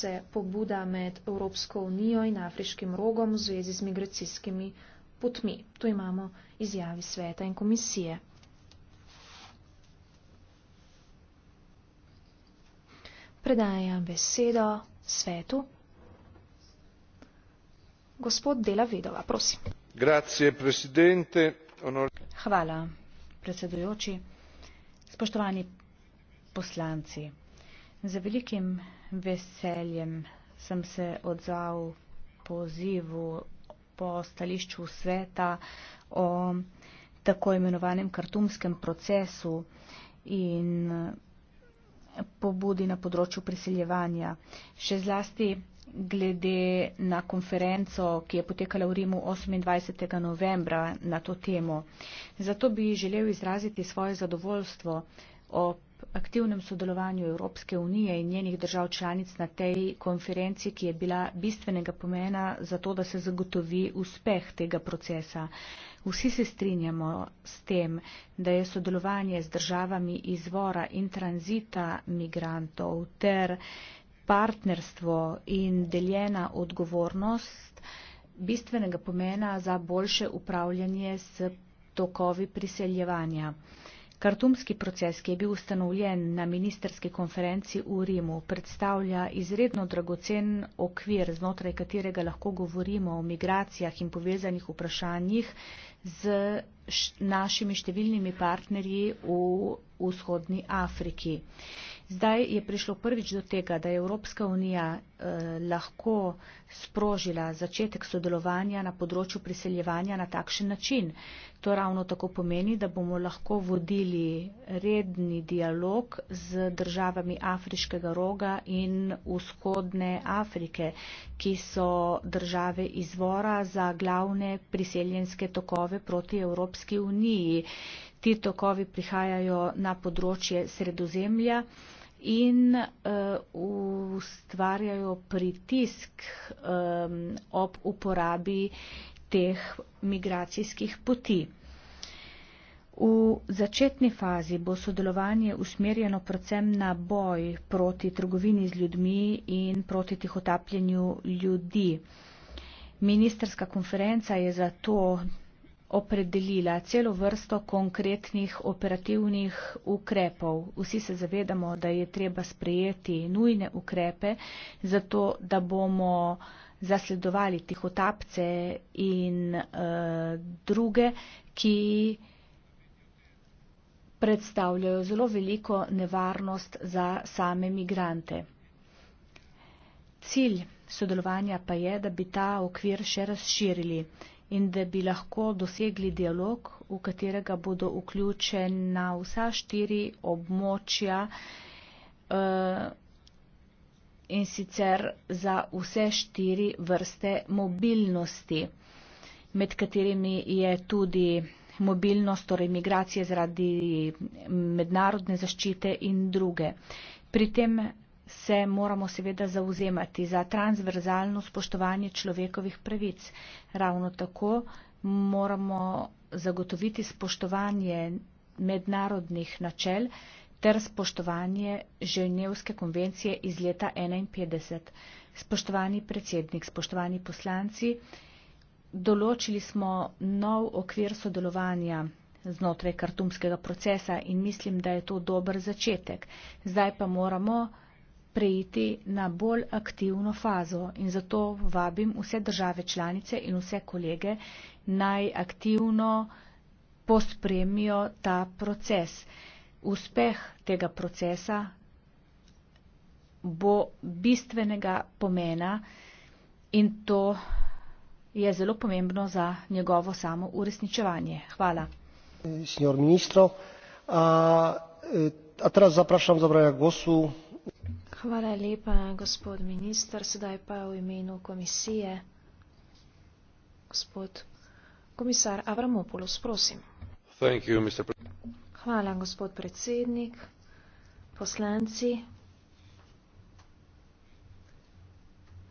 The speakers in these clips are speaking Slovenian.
se pobuda med Evropsko unijo in Afriškim rogom v zvezi z migracijskimi potmi. To imamo izjavi sveta in komisije. Predajam besedo svetu. Gospod Dela Vedova, prosim. Hvala, predsedujoči. Spoštovani poslanci, za velikim veseljem sem se odzval pozivu po stališču sveta o tako imenovanem kartumskem procesu in pobudi na področju priseljevanja. Še zlasti glede na konferenco, ki je potekala v Rimu 28. novembra na to temo. Zato bi želel izraziti svoje zadovoljstvo ob aktivnem sodelovanju Evropske unije in njenih držav članic na tej konferenci, ki je bila bistvenega pomena za to, da se zagotovi uspeh tega procesa. Vsi se strinjamo s tem, da je sodelovanje z državami izvora in tranzita migrantov ter partnerstvo in deljena odgovornost bistvenega pomena za boljše upravljanje s tokovi priseljevanja. Kartumski proces, ki je bil ustanovljen na ministerski konferenci v Rimu, predstavlja izredno dragocen okvir, znotraj katerega lahko govorimo o migracijah in povezanih vprašanjih z našimi številnimi partnerji v vzhodni Afriki. Zdaj je prišlo prvič do tega, da je Evropska unija eh, lahko sprožila začetek sodelovanja na področju priseljevanja na takšen način. To ravno tako pomeni, da bomo lahko vodili redni dialog z državami Afriškega roga in vzhodne Afrike, ki so države izvora za glavne priseljenske tokove proti Evropski uniji. Ti tokovi prihajajo na področje sredozemlja in uh, ustvarjajo pritisk um, ob uporabi teh migracijskih poti. V začetni fazi bo sodelovanje usmerjeno predvsem na boj proti trgovini z ljudmi in proti tih otapljanju ljudi. Ministerska konferenca je zato opredelila celo vrsto konkretnih operativnih ukrepov. Vsi se zavedamo, da je treba sprejeti nujne ukrepe, zato da bomo zasledovali tihotapce in uh, druge, ki predstavljajo zelo veliko nevarnost za same migrante. Cilj sodelovanja pa je, da bi ta okvir še razširili in da bi lahko dosegli dialog, v katerega bodo vključena vsa štiri območja eh, in sicer za vse štiri vrste mobilnosti, med katerimi je tudi mobilnost, torej migracije zaradi mednarodne zaščite in druge. Pri tem se moramo seveda zauzemati za transverzalno spoštovanje človekovih pravic. Ravno tako moramo zagotoviti spoštovanje mednarodnih načel ter spoštovanje Ženevske konvencije iz leta 1951. Spoštovani predsednik, spoštovani poslanci, določili smo nov okvir sodelovanja znotraj kartumskega procesa in mislim, da je to dober začetek. Zdaj pa moramo preiti na bolj aktivno fazo in zato vabim vse države članice in vse kolege naj aktivno pospremijo ta proces. Uspeh tega procesa bo bistvenega pomena in to je zelo pomembno za njegovo samo uresničevanje. Hvala. Signor ministro, a, eh, a teraz zapraszam zabrania głosu Hvala lepa, gospod minister. Sedaj pa v imenu komisije. Gospod komisar Avramopoulos, prosim. You, Hvala, gospod predsednik. Poslanci.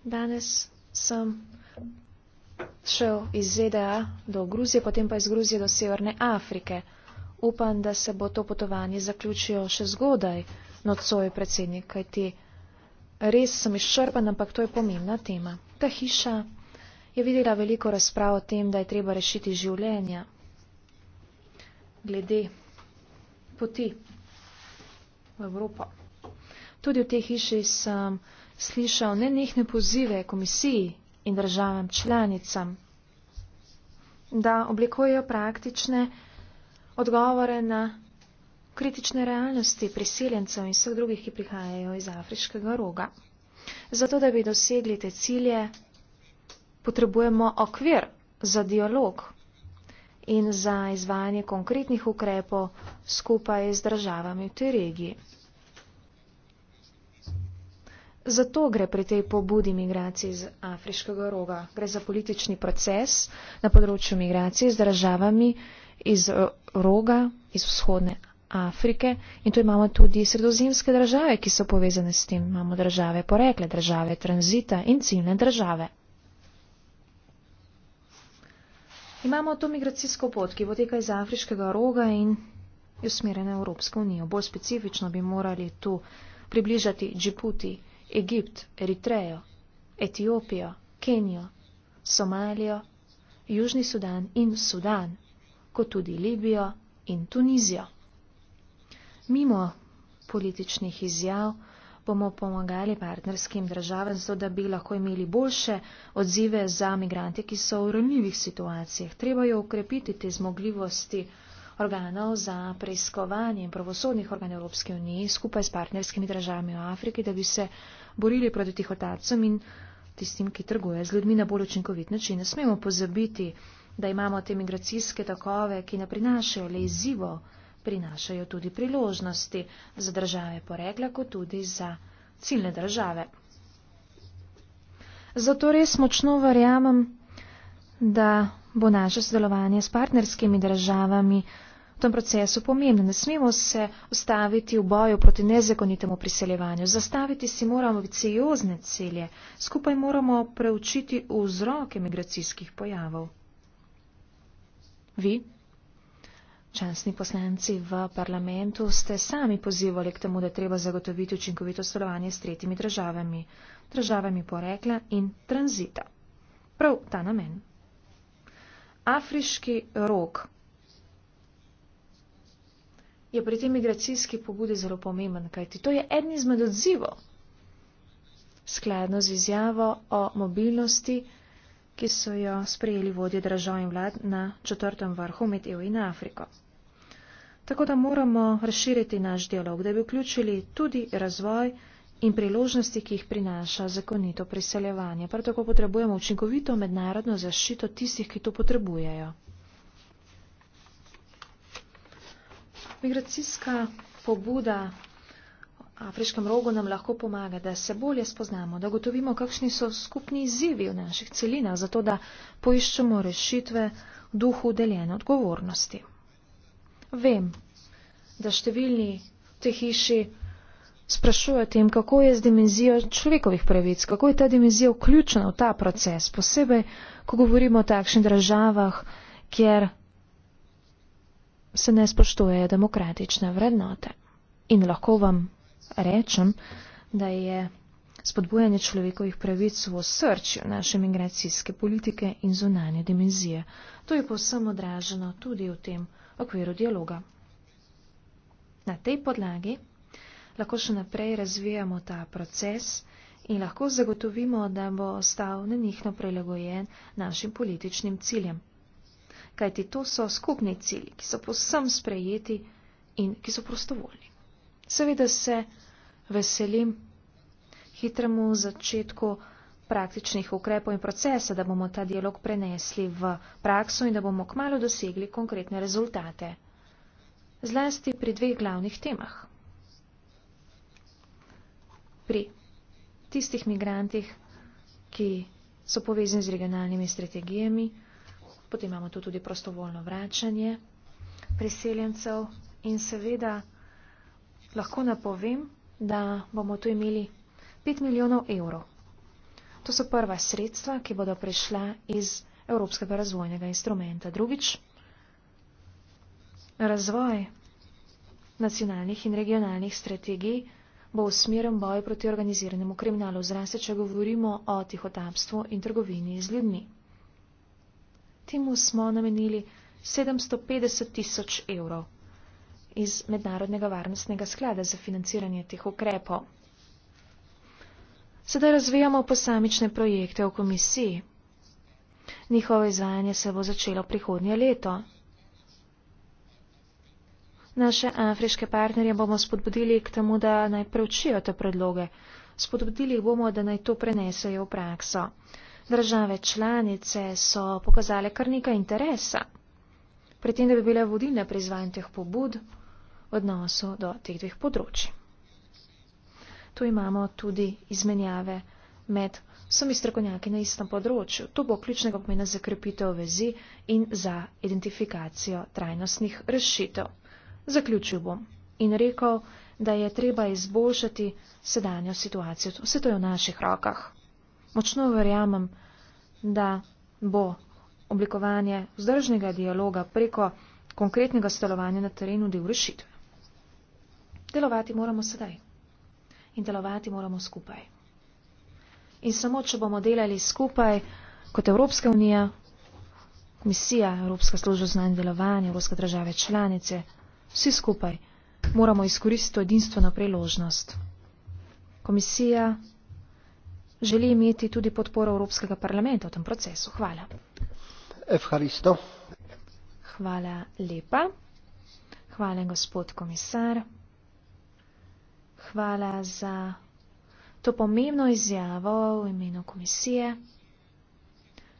Danes sem šel iz ZDA do Gruzije, potem pa iz Gruzije do Severne Afrike. Upam, da se bo to potovanje zaključilo še zgodaj nocoj predsednik, kajti res sem izčrpan, ampak to je pomembna tema. Ta hiša je videla veliko razprav o tem, da je treba rešiti življenja glede poti v Evropo. Tudi v tej hiši sem slišal nenehne pozive komisiji in državam članicam, da oblikujejo praktične odgovore na kritične realnosti priseljencev in vseh drugih, ki prihajajo iz afriškega roga. Zato, da bi dosegli te cilje, potrebujemo okvir za dialog in za izvajanje konkretnih ukrepov skupaj z državami v tej regiji. Zato gre pri tej pobudi migracij iz afriškega roga. Gre za politični proces na področju migracij z državami iz eh, roga, iz vzhodne Afrike in tu imamo tudi sredozemske države, ki so povezane s tem. Imamo države porekle, države tranzita in ciljne države. Imamo to migracijsko pot, ki poteka iz afriškega roga in je usmerjena v Evropsko unijo. Bolj specifično bi morali tu približati Džibuti, Egipt, Eritrejo, Etiopijo, Kenijo, Somalijo, Južni Sudan in Sudan, kot tudi Libijo in Tunizijo. Mimo političnih izjav bomo pomagali partnerskim državam, zato da bi lahko imeli boljše odzive za migrante, ki so v ranljivih situacijah. Treba je ukrepiti te zmogljivosti organov za preiskovanje in pravosodnih organov Evropske unije skupaj s partnerskimi državami v Afriki, da bi se borili proti tihotacom in tistim, ki trguje z ljudmi na bolj učinkovit način. Ne smemo pozabiti, da imamo te migracijske takove, ki ne prinašajo le izzivo prinašajo tudi priložnosti za države porekla, kot tudi za ciljne države. Zato res močno verjamem, da bo naše sodelovanje s partnerskimi državami v tem procesu pomembno. Ne smemo se ustaviti v boju proti nezakonitemu priseljevanju. Zastaviti si moramo ambiciozne cilje. Skupaj moramo preučiti vzroke migracijskih pojavov. Vi? časni poslanci v parlamentu ste sami pozivali k temu, da treba zagotoviti učinkovito sodelovanje s tretjimi državami, državami porekla in tranzita. Prav ta namen. Afriški rok je pri tem migracijski pobudi zelo pomemben, kajti to je en izmed odzivov, skladno z izjavo o mobilnosti, ki so jo sprejeli vodje držav in vlad na četrtem vrhu med EU in Afriko. Tako da moramo razširiti naš dialog, da bi vključili tudi razvoj in priložnosti, ki jih prinaša zakonito priseljevanje. Prav tako potrebujemo učinkovito mednarodno zaščito tistih, ki to potrebujejo. Migracijska pobuda afriškem rogu nam lahko pomaga, da se bolje spoznamo, da gotovimo, kakšni so skupni izzivi v naših celinah, zato da poiščemo rešitve v duhu deljene odgovornosti. Vem, da številni te hiši sprašujejo tem, kako je z dimenzijo človekovih pravic, kako je ta dimenzija vključena v ta proces, posebej, ko govorimo o takšnih državah, kjer se ne spoštujejo demokratične vrednote. In lahko vam rečem, da je spodbujanje človekovih pravic v osrčju naše migracijske politike in zunanje dimenzije. To je posebno odraženo tudi v tem okviru dialoga. Na tej podlagi lahko še naprej razvijamo ta proces in lahko zagotovimo, da bo ostal nenihno prilagojen našim političnim ciljem. Kajti to so skupni cilji, ki so posem sprejeti in ki so prostovoljni. Seveda se veselim hitremu začetku praktičnih ukrepov in procesa, da bomo ta dialog prenesli v prakso in da bomo kmalo dosegli konkretne rezultate. Zlasti pri dveh glavnih temah. Pri tistih migrantih, ki so povezani z regionalnimi strategijami, potem imamo tu tudi prostovoljno vračanje priseljencev in seveda lahko napovem, da bomo tu imeli 5 milijonov evrov To so prva sredstva, ki bodo prišla iz Evropskega razvojnega instrumenta. Drugič, razvoj nacionalnih in regionalnih strategij bo usmeren boj proti organiziranemu kriminalu, zrasti če govorimo o tihotapstvu in trgovini z ljudmi. Temu smo namenili 750 tisoč evrov iz Mednarodnega varnostnega sklada za financiranje teh ukrepov. Sedaj razvijamo posamične projekte v komisiji. Njihovo izvajanje se bo začelo prihodnje leto. Naše afriške partnerje bomo spodbudili k temu, da naj preučijo te predloge. Spodbudili bomo, da naj to prenesejo v prakso. Države članice so pokazale kar nekaj interesa, pri tem, da bi bile vodilne pri izvajanju teh pobud v odnosu do teh dveh področji tu imamo tudi izmenjave med vsemi strokovnjaki na istem področju. To bo ključnega pomena za krepitev vezi in za identifikacijo trajnostnih rešitev. Zaključil bom in rekel, da je treba izboljšati sedanjo situacijo. Vse to je v naših rokah. Močno verjamem, da bo oblikovanje vzdržnega dialoga preko konkretnega stalovanja na terenu del rešitve. Delovati moramo sedaj in delovati moramo skupaj. In samo, če bomo delali skupaj kot Evropska unija, komisija, Evropska služba za znanje delovanje, Evropska države članice, vsi skupaj moramo izkoristiti to edinstveno priložnost. Komisija želi imeti tudi podporo Evropskega parlamenta v tem procesu. Hvala. Hvala lepa. Hvala, gospod komisar. Hvala za to pomembno izjavo v imenu komisije.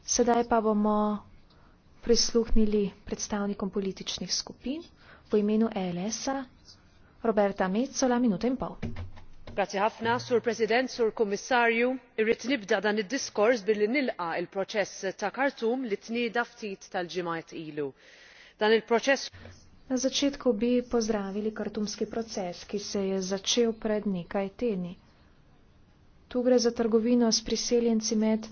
Sedaj pa bomo prisluhnili predstavnikom političnih skupin v imenu ELS-a Roberta Mecola minuto in pol. Hafna, sur president, sur komisarju, irrit nibda dan il-diskors billi nilqa il-proċess ta' Khartoum li tnida ftit tal-ġimgħat ilu. Dan il-proċess Na začetku bi pozdravili kartumski proces, ki se je začel pred nekaj tedni. Tu gre za trgovino s priseljenci med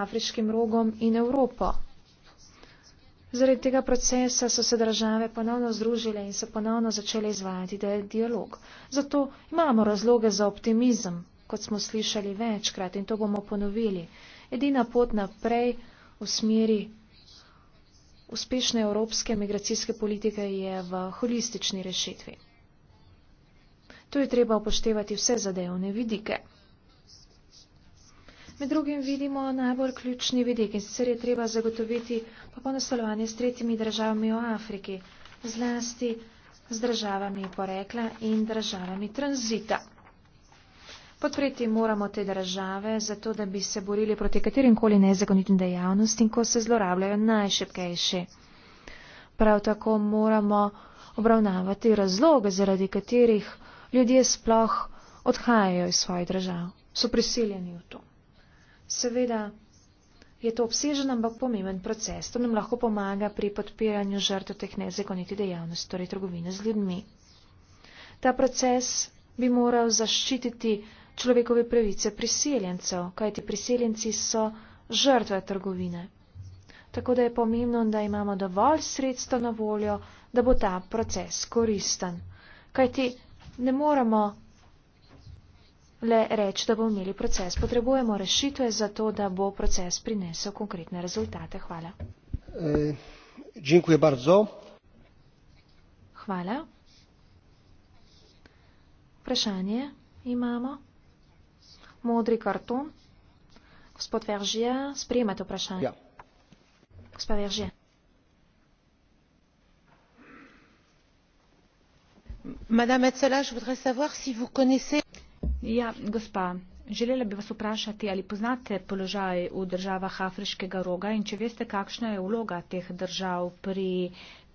Afriškim rogom in Evropo. Zaradi tega procesa so se države ponovno združile in so ponovno začele izvajati dialog. Zato imamo razloge za optimizem, kot smo slišali večkrat in to bomo ponovili. Edina pot naprej v smeri uspešne evropske migracijske politike je v holistični rešitvi. Tu je treba upoštevati vse zadevne vidike. Med drugim vidimo najbolj ključni vidik in sicer je treba zagotoviti poponoslovanje s tretjimi državami v Afriki, zlasti z državami porekla in državami tranzita. Podpreti moramo te države, zato da bi se borili proti katerim koli nezakonitim dejavnostim, ko se zlorabljajo najšepkejši. Prav tako moramo obravnavati razloge, zaradi katerih ljudje sploh odhajajo iz svojih držav, so prisiljeni v to. Seveda je to obsežen, ampak pomemben proces. To nam lahko pomaga pri podpiranju žrtev teh nezakonitih dejavnosti, torej trgovine z ljudmi. Ta proces bi moral zaščititi človekove pravice priseljencev, kajti priseljenci so žrtve trgovine. Tako da je pomembno, da imamo dovolj sredstva na voljo, da bo ta proces koristen. Kajti ne moremo le reči, da bomo imeli proces. Potrebujemo rešitve za to, da bo proces prinesel konkretne rezultate. Hvala. E, Hvala. Vprašanje imamo. Modri karton. Gospod Veržija, sprejmete vprašanje. Ja. Gospod Veržija. Madame Metzela, je voudrais savoir si vous connaissez. Ja, gospa, želela bi vas vprašati, ali poznate položaj v državah afriškega roga in če veste, kakšna je vloga teh držav pri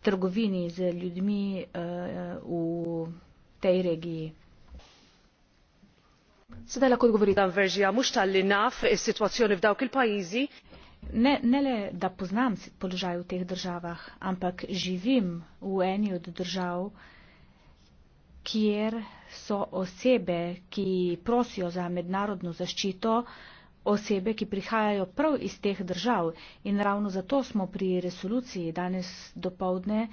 trgovini z ljudmi uh, v tej regiji sedaj lahko odgovorite gospa vergiat mucha ali naf e situazione v davkil paizi ne ne le da poznam položaj v teh državah ampak živim v eni od držav kjer so osebe ki prosijo za mednarodno zaščito osebe, ki prihajajo prav iz teh držav. In ravno zato smo pri resoluciji danes dopoldne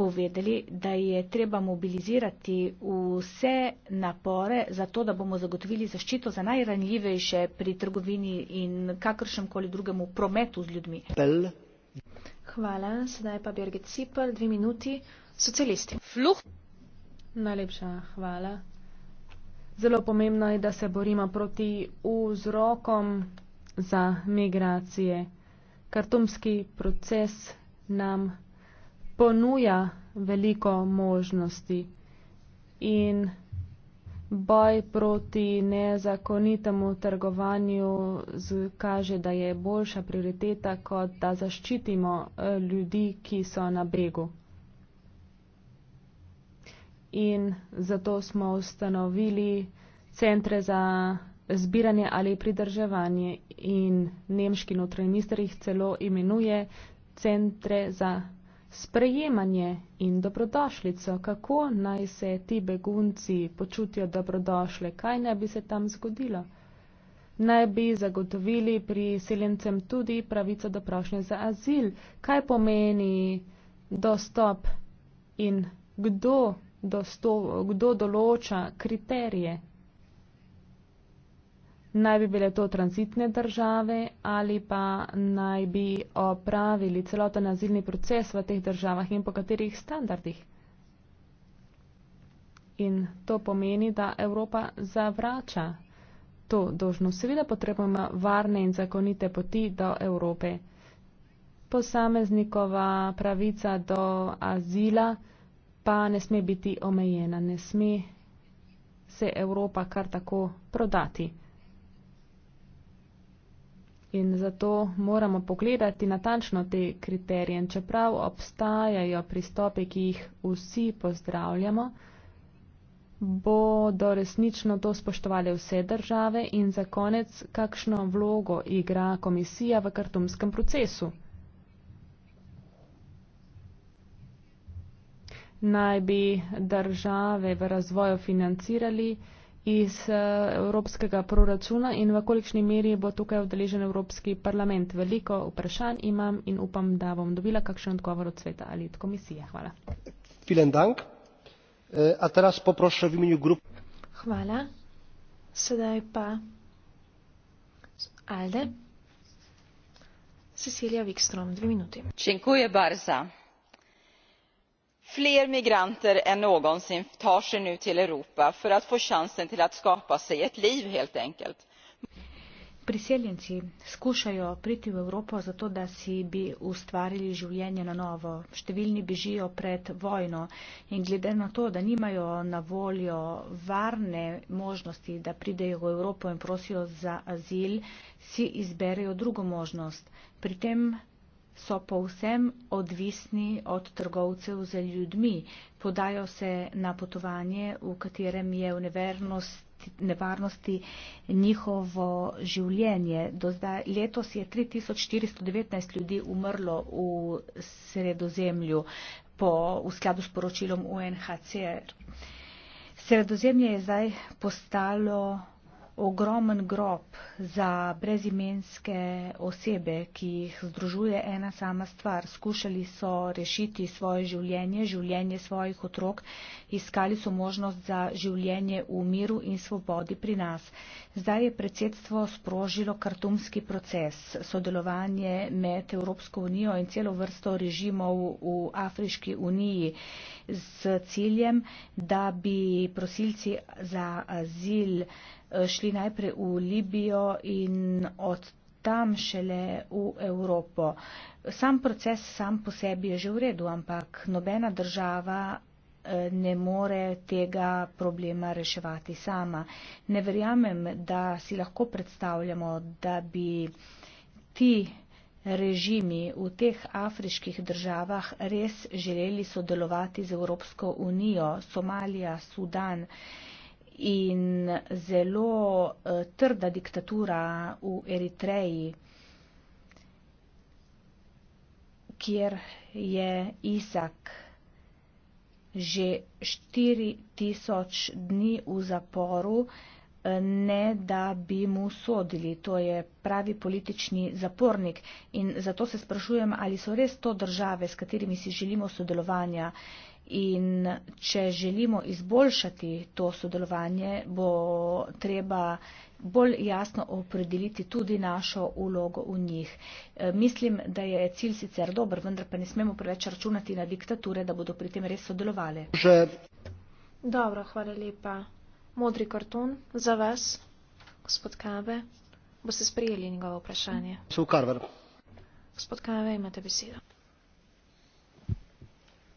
povedali, da je treba mobilizirati vse napore za to, da bomo zagotovili zaščito za najranljivejše pri trgovini in kakršnem koli drugemu prometu z ljudmi. Hvala, sedaj pa Birgit Cipel, dve minuti, socialisti. Fluh. Najlepša hvala. Zelo pomembno je, da se borimo proti vzrokom za migracije. Kartumski proces nam ponuja veliko možnosti in boj proti nezakonitemu trgovanju kaže, da je boljša prioriteta, kot da zaščitimo eh, ljudi, ki so na bregu. In zato smo ustanovili centre za zbiranje ali pridrževanje in nemški notranjister jih celo imenuje centre za sprejemanje in dobrodošlico, kako naj se ti begunci počutijo dobrodošle, kaj naj bi se tam zgodilo. Naj bi zagotovili priseljencem tudi pravico do prošnje za azil, kaj pomeni dostop in kdo, dostop, kdo določa kriterije naj bi bile to transitne države ali pa naj bi opravili celoten azilni proces v teh državah in po katerih standardih. In to pomeni, da Evropa zavrača to dožnost. Seveda potrebujemo varne in zakonite poti do Evrope. Posameznikova pravica do azila pa ne sme biti omejena, ne sme se Evropa kar tako prodati in zato moramo pogledati natančno te kriterije. In čeprav obstajajo pristope, ki jih vsi pozdravljamo, bodo resnično to spoštovali vse države in za konec, kakšno vlogo igra komisija v kartumskem procesu. Naj bi države v razvoju financirali, iz eh, evropskega proračuna in v kolikšni meri bo tukaj vdeležen Evropski parlament. Veliko vprašanj imam in upam, da bom dobila kakšen odgovor od sveta ali od komisije. Hvala. Eh, Hvala. Sedaj pa Alde. Cecilija Wikstrom, dve minuti. Čenkuje Barza fler migranter än någonsin tar sig nu till Europa för att få chansen till att skapa sig ett liv helt enkelt. Priseljenci skušajo priti v Evropo zato, da si bi ustvarili življenje na novo. Številni bežijo pred vojno in glede na to, da nimajo na voljo varne možnosti, da pridejo v Evropo in prosijo za azil, si izberejo drugo možnost. Pri tem so povsem odvisni od trgovcev za ljudmi. Podajo se na potovanje, v katerem je v nevarnosti njihovo življenje. Do zdaj, letos je 3419 ljudi umrlo v sredozemlju po, v skladu s poročilom UNHCR. Sredozemlje je zdaj postalo ogromen grob za brezimenske osebe, ki jih združuje ena sama stvar. Skušali so rešiti svoje življenje, življenje svojih otrok, iskali so možnost za življenje v miru in svobodi pri nas. Zdaj je predsedstvo sprožilo kartumski proces, sodelovanje med Evropsko unijo in celo vrsto režimov v Afriški uniji z ciljem, da bi prosilci za azil Eh, šli najprej v Libijo in od tam šele v Evropo. Sam proces sam po sebi je že v redu, ampak nobena država eh, ne more tega problema reševati sama. Ne verjamem, da si lahko predstavljamo, da bi ti režimi v teh afriških državah res želeli sodelovati z Evropsko unijo, Somalija, Sudan in zelo uh, trda diktatura v Eritreji, kjer je Isak že 4000 dni v zaporu, eh, ne da bi mu sodili. To je pravi politični zapornik in zato se sprašujem, ali so res to države, s katerimi si želimo sodelovanja. In če želimo izboljšati to sodelovanje, bo treba bolj jasno opredeliti tudi našo ulogo v njih. E, mislim, da je cilj sicer dober, vendar pa ne smemo preveč računati na diktature, da bodo pri tem res sodelovali. Že. Dobro, hvala lepa. Modri karton za vas, gospod Kave. Boste sprejeli njegovo vprašanje? Gospod Kave, imate besedo.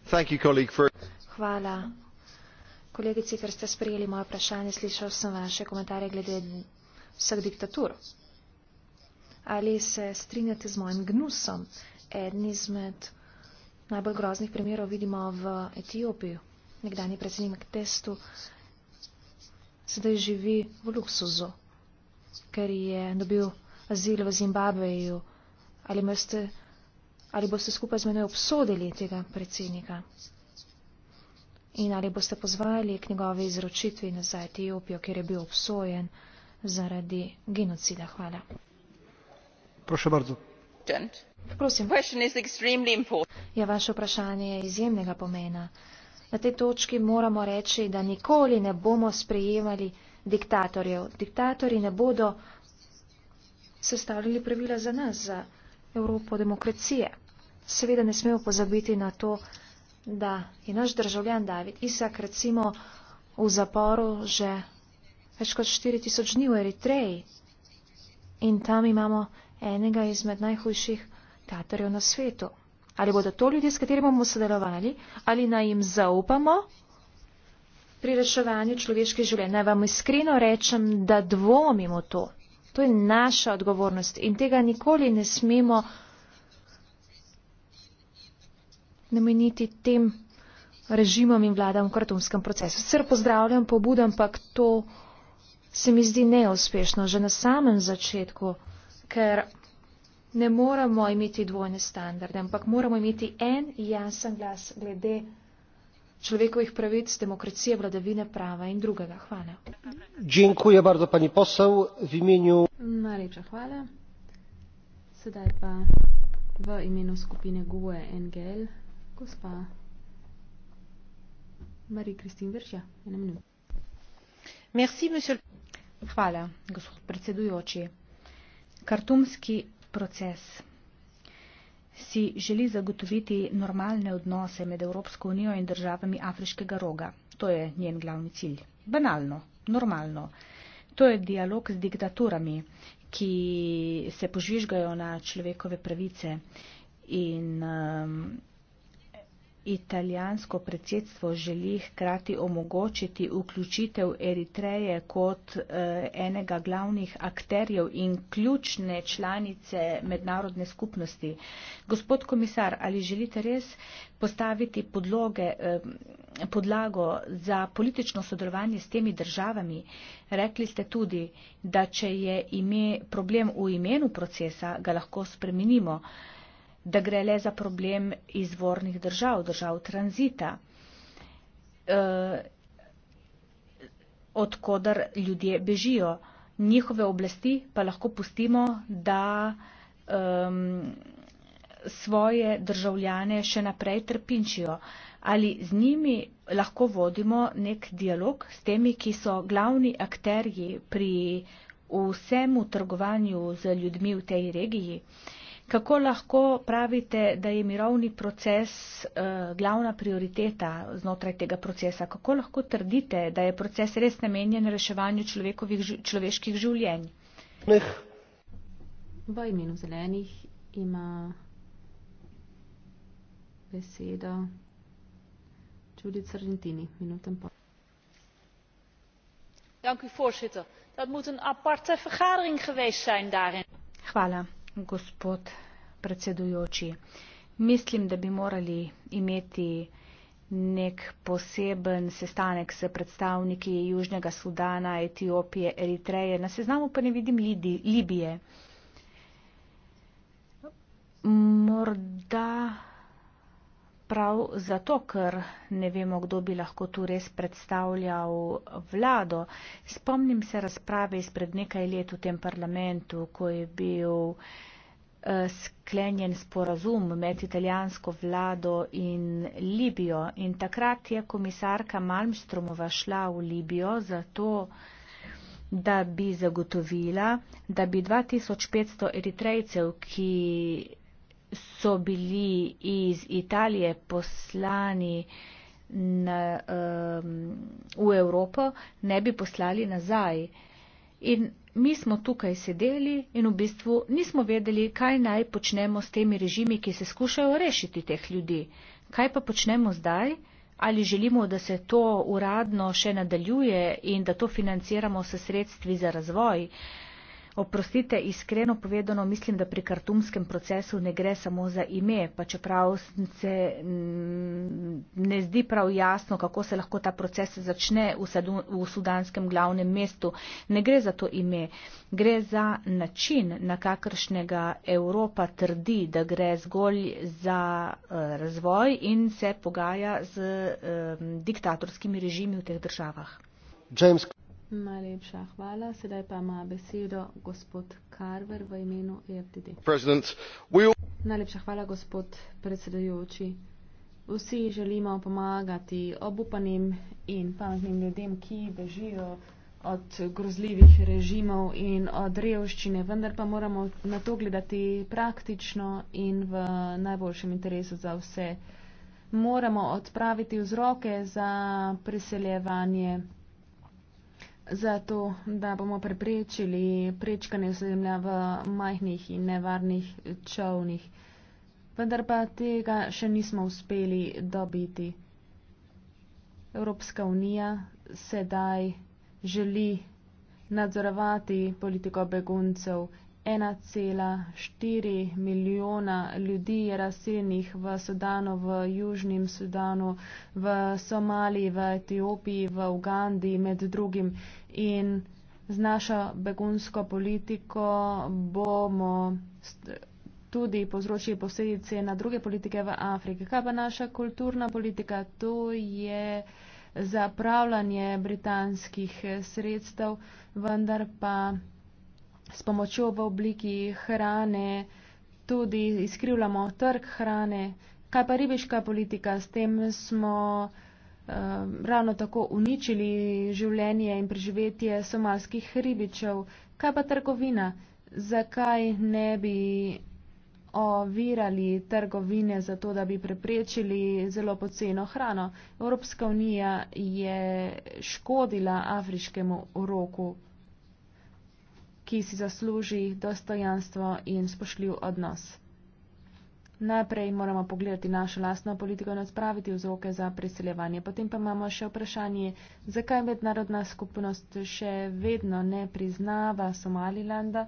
Hvala kolegici, ker ste sprejeli moje vprašanje. Slišal sem vaše komentarje glede vseh diktatur. Ali se strinjate z mojim gnusom? Edni izmed najbolj groznih primerov vidimo v Etiopiji. Nekdani predsednik testu sedaj živi v luksuzu, ker je dobil azil v Zimbabveju. Ali imate ali boste skupaj z menoj obsodili tega predsednika in ali boste pozvali k njegovi izročitvi nazaj Etiopijo, kjer je bil obsojen zaradi genocida. Hvala. Prosim, ja, vaše vprašanje je izjemnega pomena. Na tej točki moramo reči, da nikoli ne bomo sprejemali diktatorjev. Diktatori ne bodo sestavljali pravila za nas, za Evropo demokracije seveda ne smemo pozabiti na to, da je naš državljan David Isak recimo v zaporu že več kot 4000 dni v Eritreji in tam imamo enega izmed najhujših tatarjev na svetu. Ali bodo to ljudje, s katerimi bomo sodelovali, ali naj jim zaupamo pri reševanju človeških življenj? Naj vam iskreno rečem, da dvomimo to. To je naša odgovornost in tega nikoli ne smemo nameniti tem režimom in vladam v kartonskem procesu. Sicer pozdravljam pobud, ampak to se mi zdi neuspešno že na samem začetku, ker ne moramo imeti dvojne standarde, ampak moramo imeti en jasen glas glede človekovih pravic, demokracije, vladavine prava in drugega. Hvala. Dziękuję bardzo pani poseł w imieniu Najlepša hvala. Sedaj pa v imenu skupine GUE NGL gospa Marija Kristin Verša. Hvala, gospod predsedujoči. Kartumski proces si želi zagotoviti normalne odnose med Evropsko unijo in državami Afriškega roga. To je njen glavni cilj. Banalno, normalno. To je dialog z diktaturami, ki se požvižgajo na človekove pravice in um, italijansko predsedstvo želi hkrati omogočiti vključitev Eritreje kot eh, enega glavnih akterjev in ključne članice mednarodne skupnosti. Gospod komisar, ali želite res postaviti podloge, eh, podlago za politično sodelovanje s temi državami? Rekli ste tudi, da če je ime problem v imenu procesa, ga lahko spremenimo da gre le za problem izvornih držav, držav tranzita, e, odkudar ljudje bežijo. Njihove oblasti pa lahko pustimo, da um, svoje državljane še naprej trpinčijo. Ali z njimi lahko vodimo nek dialog s temi, ki so glavni akterji pri vsemu trgovanju z ljudmi v tej regiji? Uh, Kako lahko pravite, da je mirovni proces eh, glavna prioriteta znotraj tega procesa? Kako lahko trdite, da je proces res namenjen reševanju človeških življenj? V imenu zelenih ima besedo Judith Sargentini. Minuten po. Dank u voorzitter. Dat moet een aparte vergadering geweest zijn daarin. Hvala gospod predsedujoči. Mislim, da bi morali imeti nek poseben sestanek s predstavniki Južnega Sudana, Etiopije, Eritreje. Na seznamu pa ne vidim Lidi, Libije. Morda prav zato, ker ne vemo, kdo bi lahko tu res predstavljal vlado. Spomnim se razprave izpred nekaj let v tem parlamentu, ko je bil eh, sklenjen sporazum med italijansko vlado in Libijo. In takrat je komisarka Malmstromova šla v Libijo zato, da bi zagotovila, da bi 2500 eritrejcev, ki so bili iz Italije poslani na, um, v Evropo, ne bi poslali nazaj. In mi smo tukaj sedeli in v bistvu nismo vedeli, kaj naj počnemo s temi režimi, ki se skušajo rešiti teh ljudi. Kaj pa počnemo zdaj? Ali želimo, da se to uradno še nadaljuje in da to financiramo s sredstvi za razvoj? Uh, Oprostite, iskreno povedano, mislim, da pri kartumskem procesu ne gre samo za ime, pa čeprav se mm, ne zdi prav jasno, kako se lahko ta proces začne v, sadu, v sudanskem glavnem mestu. Ne gre za to ime, gre za način, na kakršnega Evropa trdi, da gre zgolj za uh, razvoj in se pogaja z uh, diktatorskimi režimi v teh državah. James. Najlepša hvala. Sedaj pa ima besedo gospod Karver v imenu e RTD. We'll... Najlepša hvala, gospod predsedujoči. Vsi želimo pomagati obupanim in pametnim ljudem, ki bežijo od grozljivih režimov in od revščine, vendar pa moramo na to gledati praktično in v najboljšem interesu za vse. Moramo odpraviti vzroke za priseljevanje zato, da bomo preprečili prečkanje zemlja v majhnih in nevarnih čovnih. Vendar pa tega še nismo uspeli dobiti. Evropska unija sedaj želi nadzorovati politiko beguncev. 1,4 milijona ljudi je razseljenih v Sudanu, v Južnem Sudanu, v Somaliji, v Etiopiji, v Ugandi med drugim. In z našo begunsko politiko bomo tudi povzročili posledice na druge politike v Afriki. Kaj pa naša kulturna politika? To je zapravljanje britanskih sredstev, vendar pa s pomočjo v obliki hrane, tudi izkrivljamo trg hrane. Kaj pa ribiška politika? S tem smo eh, ravno tako uničili življenje in preživetje somalskih ribičev. Kaj pa trgovina? Zakaj ne bi ovirali trgovine za to, da bi preprečili zelo poceno hrano? Evropska unija je škodila afriškemu roku ki si zasluži dostojanstvo in spošljiv odnos. Najprej moramo pogledati našo lastno politiko in odpraviti vzroke za priseljevanje. Potem pa imamo še vprašanje, zakaj mednarodna skupnost še vedno ne priznava Somalilanda.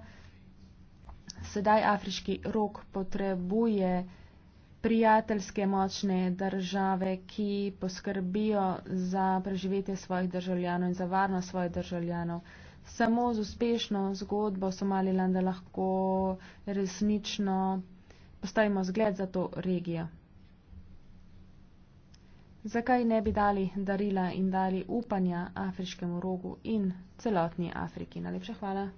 Sedaj afriški rok potrebuje prijateljske močne države, ki poskrbijo za preživetje svojih državljanov in za varnost svojih državljanov samo z uspešno zgodbo Somalilanda lahko resnično postavimo zgled za to regijo. Zakaj ne bi dali darila in dali upanja afriškemu rogu in celotni Afriki? Najlepša hvala.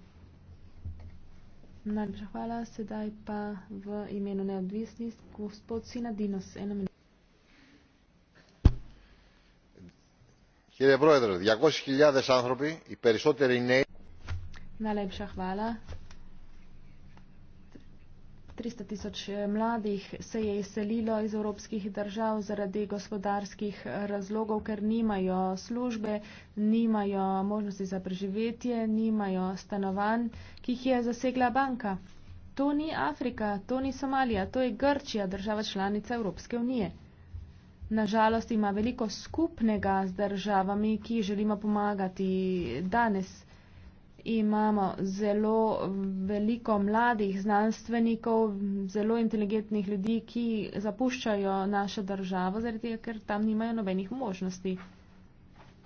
Najlepša hvala. Sedaj pa v imenu neodvisnih gospod Sinadinos. Eno minuto. Κύριε Πρόεδρε, 200.000 άνθρωποι, οι περισσότεροι νέοι. Najlepša hvala. 300 tisoč eh, mladih se je izselilo iz evropskih držav zaradi gospodarskih eh, razlogov, ker nimajo službe, nimajo možnosti za preživetje, nimajo stanovanj, ki jih je zasegla banka. To ni Afrika, to ni Somalija, to je Grčija, država članica Evropske unije nažalost ima veliko skupnega z državami, ki želimo pomagati. Danes imamo zelo veliko mladih znanstvenikov, zelo inteligentnih ljudi, ki zapuščajo našo državo, zaradi, ker tam nimajo nobenih možnosti.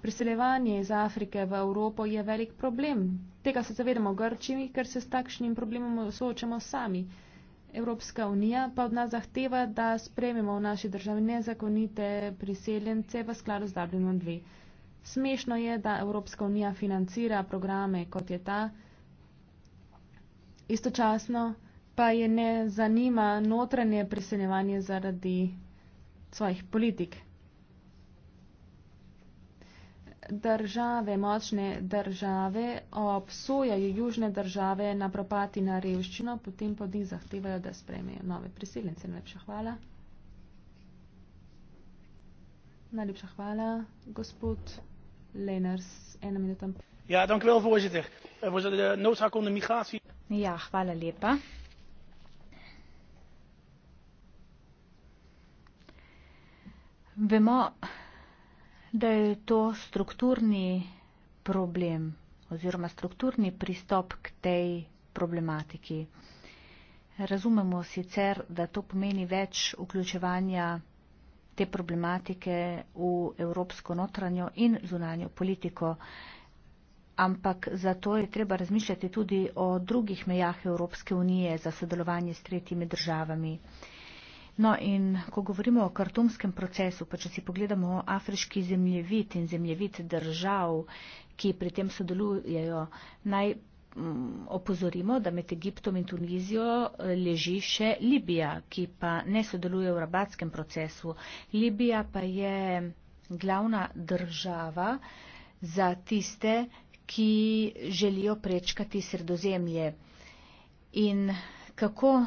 Priseljevanje iz Afrike v Evropo je velik problem. Tega se zavedamo v Grčiji, ker se s takšnim problemom soočamo sami. Evropska unija pa od nas zahteva, da sprememo v naši državi nezakonite priseljence v skladu z Dublinom 2. Smešno je, da Evropska unija financira programe kot je ta, istočasno pa je ne zanima notranje priseljevanje zaradi svojih politik države, močne države, obsojajo južne države na propati na revščino, potem pa jih zahtevajo, da sprejmejo nove priseljence. Najlepša hvala. Najlepša hvala, gospod Lenars. Eno minuto. Ja, dank u wel, voorzitter. Eh, er was de noodzaak om de migratie. Ja, hvala lepa. Vemo da je to strukturni problem oziroma strukturni pristop k tej problematiki. Razumemo sicer, da to pomeni več vključevanja te problematike v evropsko notranjo in zunanjo politiko, ampak zato je treba razmišljati tudi o drugih mejah Evropske unije za sodelovanje s tretjimi državami. No in ko govorimo o kartumskem procesu, pa če si pogledamo afriški zemljevid in zemljevid držav, ki pri tem sodelujejo, naj mm, opozorimo, da med Egiptom in Tunizijo eh, leži še Libija, ki pa ne sodeluje v rabatskem procesu. Libija pa je glavna država za tiste, ki želijo prečkati sredozemlje. In kako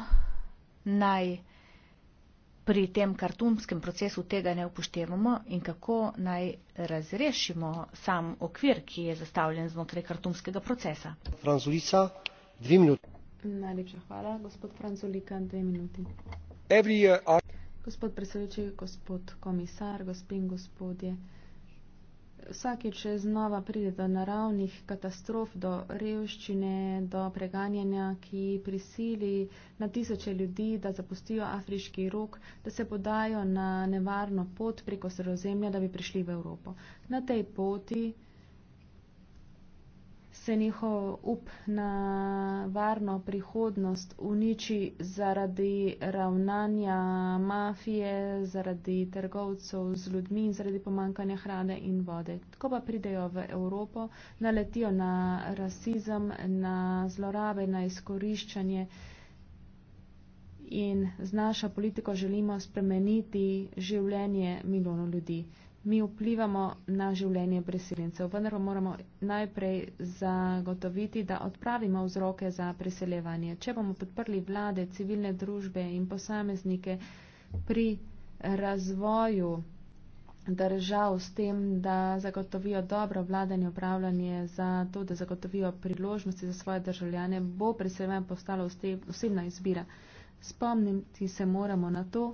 naj pri tem kartumskem procesu tega ne upoštevamo in kako naj razrešimo sam okvir, ki je zastavljen znotraj kartumskega procesa. Franzulica, dve minuti. Najlepša hvala, gospod Franzulika, dve minuti. Every year I... Gospod predsedujoči, gospod komisar, gospod in gospodje vsakeč znova pride do naravnih katastrof, do revščine, do preganjanja, ki prisili na tisoče ljudi, da zapustijo afriški rok, da se podajo na nevarno pot preko sredozemlja, da bi prišli v Evropo. Na tej poti se njihov up na varno prihodnost uniči zaradi ravnanja mafije, zaradi trgovcev z ljudmi in zaradi pomankanja hrane in vode. Ko pa pridejo v Evropo, naletijo na rasizem, na zlorabe, na izkoriščanje in z našo politiko želimo spremeniti življenje milijonov ljudi mi vplivamo na življenje preseljencev. Vendar pa moramo najprej zagotoviti, da odpravimo vzroke za preseljevanje. Če bomo podprli vlade, civilne družbe in posameznike pri razvoju držav s tem, da zagotovijo dobro vladanje, upravljanje za to, da zagotovijo priložnosti za svoje državljane, bo preseljevanje postalo osebna izbira. Spomniti se moramo na to,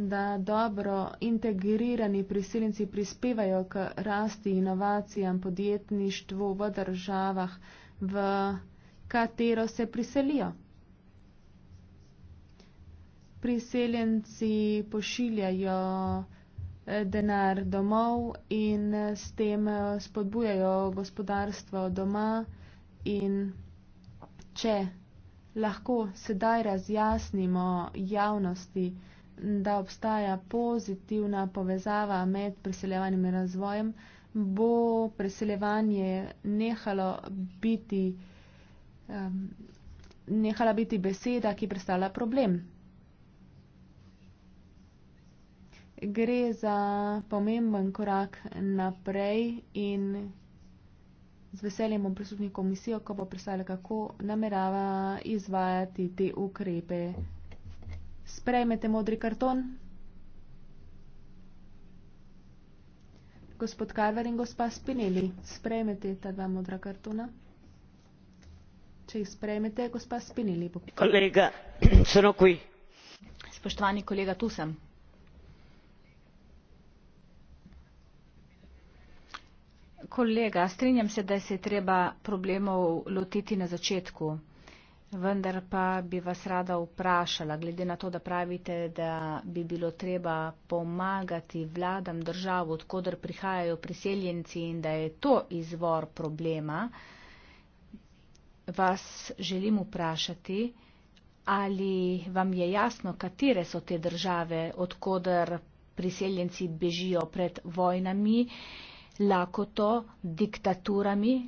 da dobro integrirani priseljenci prispevajo k rasti inovacijam, podjetništvu v državah, v katero se priselijo. Priseljenci pošiljajo eh, denar domov in eh, s tem eh, spodbujajo gospodarstvo doma in če lahko sedaj razjasnimo javnosti, da obstaja pozitivna povezava med preseljevanjem in razvojem, bo preseljevanje nehalo biti, um, nehala biti beseda, ki predstavlja problem. Gre za pomemben korak naprej in z veseljem bom prisutni komisijo, ko bo predstavila, kako namerava izvajati te ukrepe Sprejmete modri karton. Gospod Carver in gospa Spinelli, sprejmete ta dva modra kartona. Če jih sprejmete, gospa Spinelli. Kolega, sono qui. Spoštovani kolega, tu sem. Kolega, strinjam se, da se je treba problemov lotiti na začetku. Vendar pa bi vas rada vprašala, glede na to, da pravite, da bi bilo treba pomagati vladam državo, odkudar prihajajo priseljenci in da je to izvor problema, vas želim vprašati, ali vam je jasno, katere so te države, odkudar priseljenci bežijo pred vojnami, lakoto, diktaturami,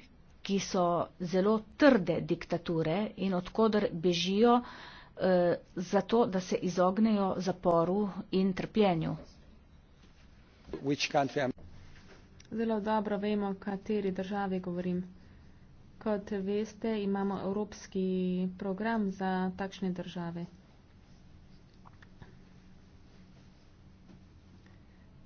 ki so zelo trde diktature in odkudar bežijo eh, zato, da se izognejo zaporu in trpljenju. Zelo dobro vemo, o kateri državi govorim. Kot veste, imamo evropski program za takšne države.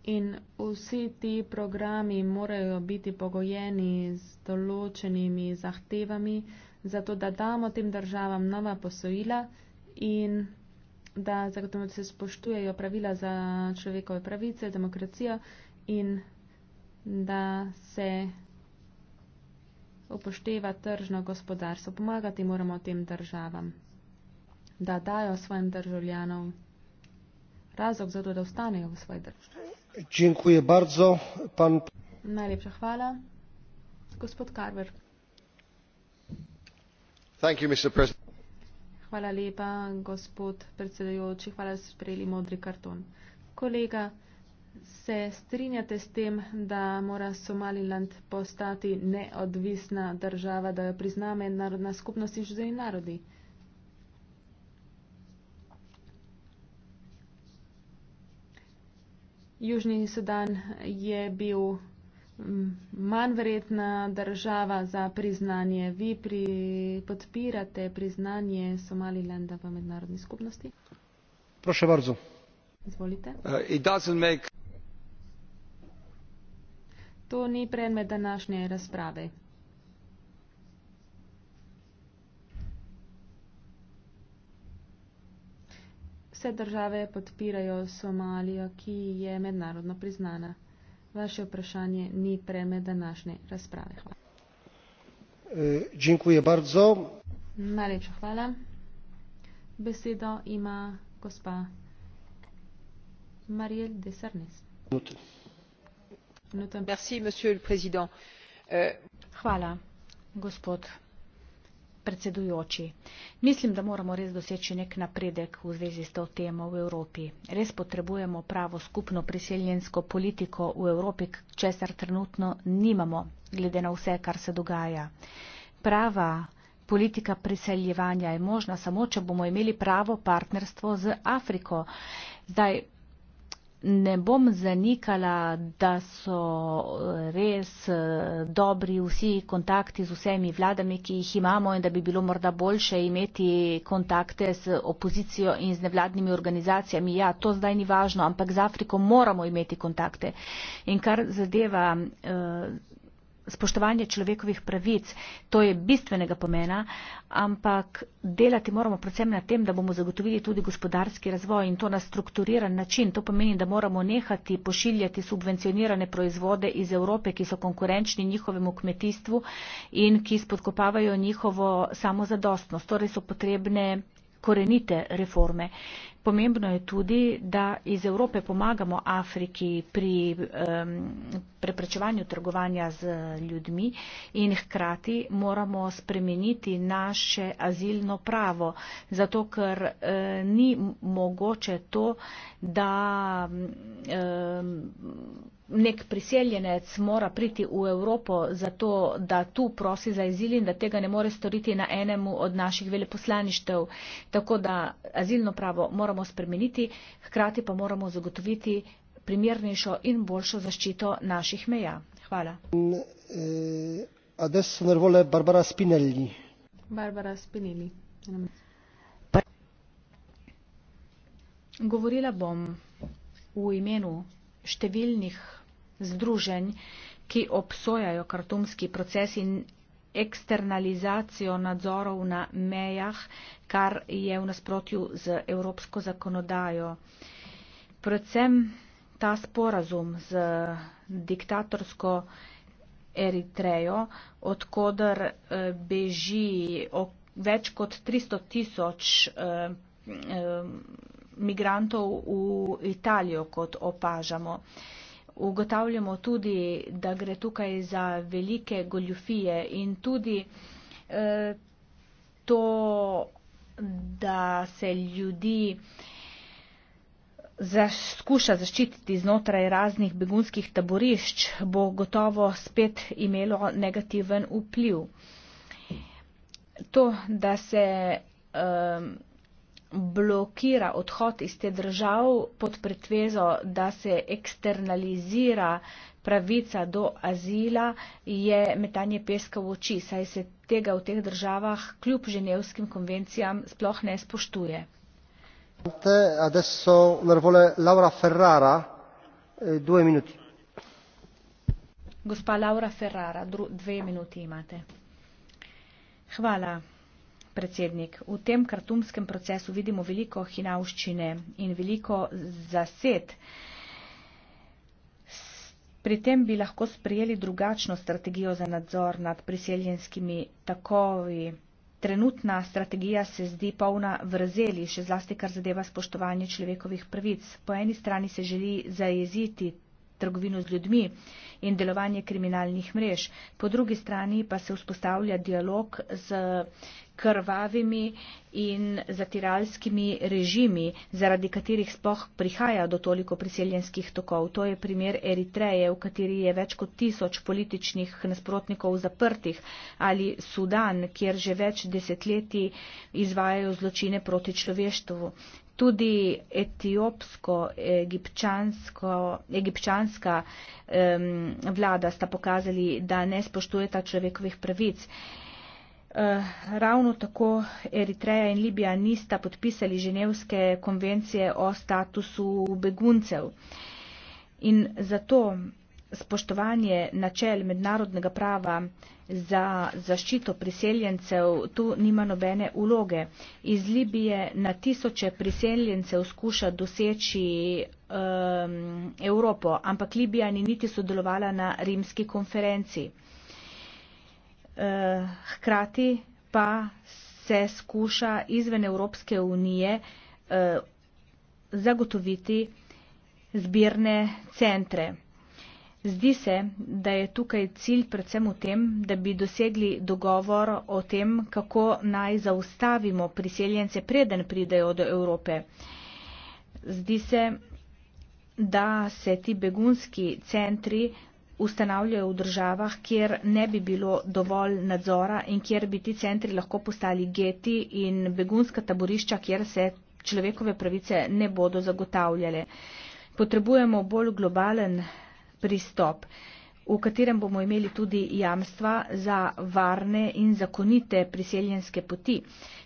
In vsi ti programi morajo biti pogojeni z določenimi zahtevami, zato da damo tem državam nova posojila in da zagotovimo, da se spoštujejo pravila za človekove pravice, demokracijo in da se upošteva tržno gospodarstvo. Pomagati moramo tem državam, da dajo svojim državljanom razlog za to, da ostanejo v svoji državi. Hvala lepa, gospod predsedujoči. Hvala, da ste sprejeli modri karton. Kolega, se strinjate s tem, da mora Somaliland postati neodvisna država, da jo prizname narodna skupnost in že zdaj narodi? Južni Sudan je bil mm, manj vredna država za priznanje. Vi pri, podpirate priznanje Somalilanda v mednarodni skupnosti? Prošle vrzo. Izvolite. Uh, make... To ni predmet današnje razprave. vse države podpirajo Somalijo, ki je mednarodno priznana. Vaše vprašanje ni preme današnje razprave. Hvala. E, Džinkuje bardzo. Najlepša hvala. Besedo ima gospa Mariel de Sarnes. Hvala, gospod predsedujoči. Mislim, da moramo res doseči nek napredek v zvezi s to temo v Evropi. Res potrebujemo pravo skupno priseljensko politiko v Evropi, česar trenutno nimamo, glede na vse, kar se dogaja. Prava politika priseljevanja je možna samo, če bomo imeli pravo partnerstvo z Afriko. Zdaj, ne bom zanikala, da so eh, res eh, dobri vsi kontakti z vsemi vladami, ki jih imamo in da bi bilo morda boljše imeti kontakte z opozicijo in z nevladnimi organizacijami. Ja, to zdaj ni važno, ampak z Afriko moramo imeti kontakte. In kar zadeva. Uh, spoštovanje človekovih pravic, to je bistvenega pomena, ampak delati moramo predvsem na tem, da bomo zagotovili tudi gospodarski razvoj in to na strukturiran način. To pomeni, da moramo nehati pošiljati subvencionirane proizvode iz Evrope, ki so konkurenčni njihovemu kmetijstvu in ki spodkopavajo njihovo samozadostnost. Torej so potrebne korenite reforme. Pomembno je tudi, da iz Evrope pomagamo Afriki pri um, preprečevanju trgovanja z ljudmi in hkrati moramo spremeniti naše azilno pravo, zato ker um, ni mogoče to, da um, nek priseljenec mora priti v Evropo zato, da tu prosi za azil in da tega ne more storiti na enemu od naših veleposlaništev. Tako da azilno pravo moramo spremeniti, hkrati pa moramo zagotoviti primernejšo in boljšo zaščito naših meja. Hvala. Adesso ne vole Barbara Spinelli. Barbara Spinelli. Govorila bom v imenu številnih združenj, ki obsojajo kartumski proces in eksternalizacijo nadzorov na mejah, kar je v nasprotju z evropsko zakonodajo. Predvsem ta sporazum z diktatorsko Eritrejo, odkudar eh, beži več kot 300 tisoč eh, eh, migrantov v Italijo, kot opažamo. Ugotavljamo tudi, da gre tukaj za velike goljufije in tudi eh, to, da se ljudi skuša zaščititi znotraj raznih begunskih taborišč, bo gotovo spet imelo negativen vpliv. To, da se eh, blokira odhod iz te držav pod pretvezo, da se eksternalizira pravica do azila, je metanje peska v oči, saj se tega v teh državah kljub ženevskim konvencijam sploh ne spoštuje. Eh, Gospa Laura Ferrara, dve minuti imate. Hvala predsednik, v tem kartumskem procesu vidimo veliko hinavščine in veliko zased. Pri tem bi lahko sprejeli drugačno strategijo za nadzor nad priseljenskimi takovi. Trenutna strategija se zdi polna vrzeli, še zlasti kar zadeva spoštovanje človekovih pravic. Po eni strani se želi zajeziti trgovino z ljudmi in delovanje kriminalnih mrež. Po drugi strani pa se vzpostavlja dialog z krvavimi in zatiralskimi režimi, zaradi katerih spoh prihaja do toliko priseljenskih tokov. To je primer Eritreje, v kateri je več kot tisoč političnih nasprotnikov zaprtih ali Sudan, kjer že več desetletij izvajajo zločine proti človeštvu tudi etiopsko-egipčansko, egipčanska um, vlada sta pokazali, da ne spoštujeta človekovih pravic. Uh, ravno tako Eritreja in Libija nista podpisali Ženevske konvencije o statusu beguncev. In zato spoštovanje načel mednarodnega prava za zaščito priseljencev, tu nima nobene uloge. Iz Libije na tisoče priseljencev skuša doseči um, Evropo, ampak Libija ni niti sodelovala na rimski konferenci. Uh, hkrati pa se skuša izven Evropske unije uh, zagotoviti zbirne centre. Zdi se, da je tukaj cilj predvsem v tem, da bi dosegli dogovor o tem, kako naj zaustavimo priseljence, preden pridejo do Evrope. Zdi se, da se ti begunski centri ustanavljajo v državah, kjer ne bi bilo dovolj nadzora in kjer bi ti centri lahko postali geti in begunska taborišča, kjer se človekove pravice ne bodo zagotavljale. Potrebujemo bolj globalen pristop, v katerem bomo imeli tudi jamstva za varne in zakonite priseljenske poti,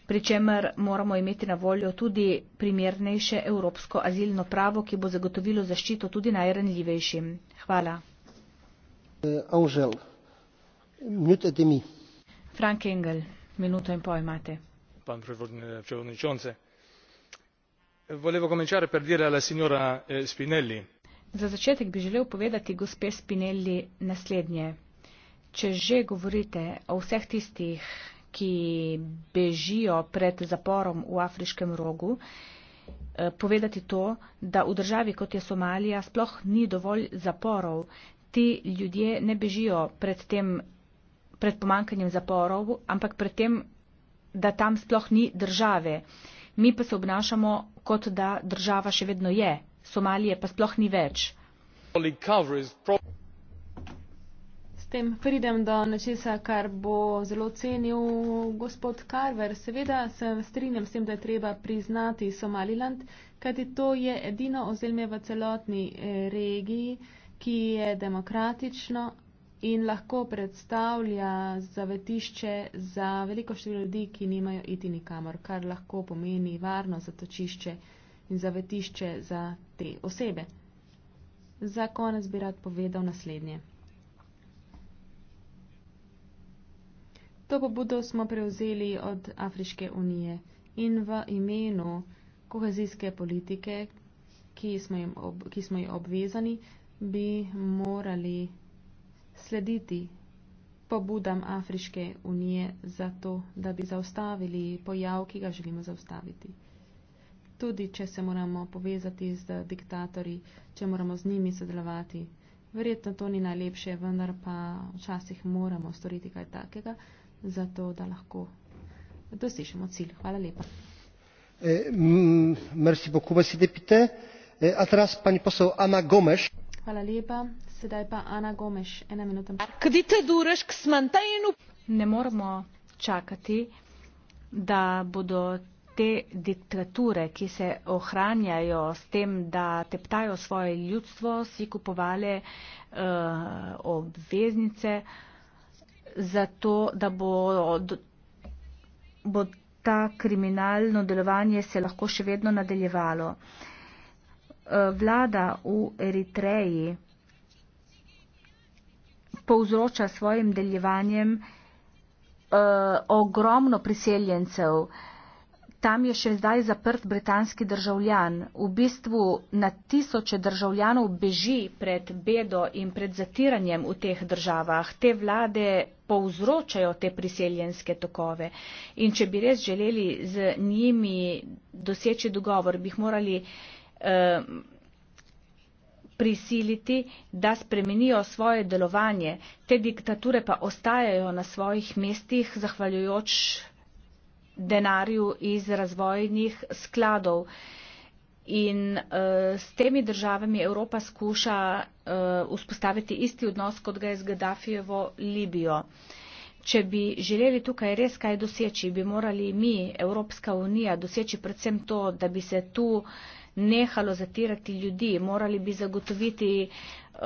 pri čemer moramo imeti na voljo tudi primernejše evropsko azilno pravo, ki bo zagotovilo zaščito tudi najranljivejšim. Hvala. E, Angel, minuto in mi. Frank Engel, minuto in pol imate. Pan predvodnik Volevo cominciare per dire alla signora eh, Spinelli. Za začetek bi želel povedati gospe Spinelli naslednje. Če že govorite o vseh tistih, ki bežijo pred zaporom v afriškem rogu, eh, povedati to, da v državi kot je Somalija sploh ni dovolj zaporov. Ti ljudje ne bežijo pred, tem, pred pomankanjem zaporov, ampak pred tem, da tam sploh ni države. Mi pa se obnašamo, kot da država še vedno je. Somalije pa sploh ni več. S tem pridem do nečesa, kar bo zelo cenil gospod Carver. Seveda se strinjam s tem, da je treba priznati Somaliland, kajti to je edino ozemlje v celotni eh, regiji, ki je demokratično in lahko predstavlja zavetišče za veliko število ljudi, ki nimajo iti nikamor, kar lahko pomeni varno zatočišče in zavetišče za te osebe. Za konec bi rad povedal naslednje. To pobudo smo prevzeli od Afriške unije in v imenu kohezijske politike, ki smo, jim ob, ki smo jim obvezani, bi morali slediti pobudam Afriške unije za to, da bi zaustavili pojav, ki ga želimo zaustaviti tudi če se moramo povezati z diktatorji, če moramo z njimi sodelovati. Verjetno to ni najlepše, vendar pa včasih moramo storiti kaj takega, zato da lahko dosežemo cilj. Hvala lepa. E, e, Hvala lepa. Sedaj pa Ana Gomeš, ena minuta. Kdite dureš k smantajnu? Ne moramo čakati, da bodo te diktature, ki se ohranjajo s tem, da teptajo svoje ljudstvo, si kupovale uh, obveznice, zato da bo, bo ta kriminalno delovanje se lahko še vedno nadaljevalo. Eh, vlada v Eritreji povzroča svojim deljevanjem uh, ogromno priseljencev, uh, Tam je še zdaj zaprt britanski državljan. V bistvu na tisoče državljanov beži pred bedo in pred zatiranjem v teh državah. Te vlade povzročajo te priseljenske tokove. In če bi res želeli z njimi doseči dogovor, bi jih morali eh, prisiliti, da spremenijo svoje delovanje. Te diktature pa ostajajo na svojih mestih, zahvaljujoč denarju iz razvojnih skladov. In uh, s temi državami Evropa skuša uh, vzpostaviti isti odnos, kot ga je z Gaddafijevo Libijo. Če bi želeli tukaj res kaj doseči, bi morali mi, Evropska unija, doseči predvsem to, da bi se tu uh, nehalo zatirati ljudi, morali bi zagotoviti uh,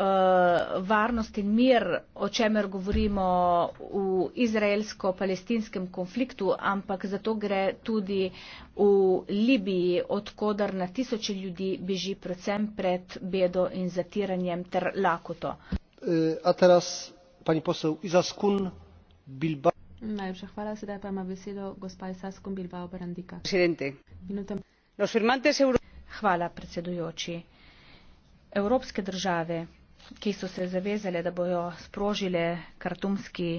varnost in mir, o čemer govorimo v izraelsko-palestinskem konfliktu, ampak zato gre tudi v Libiji, odkudar na tisoče ljudi beži predvsem pred bedo in zatiranjem ter lakoto. Uh, a teraz, pani posel, izaskun Bilba. Najlepša hvala, sedaj pa ima besedo gospa Isaskun Bilba Obrandika. Presidente. Minuta. Los firmantes europeos. Hvala, predsedujoči. Evropske države, ki so se zavezale, da bojo sprožile kartumski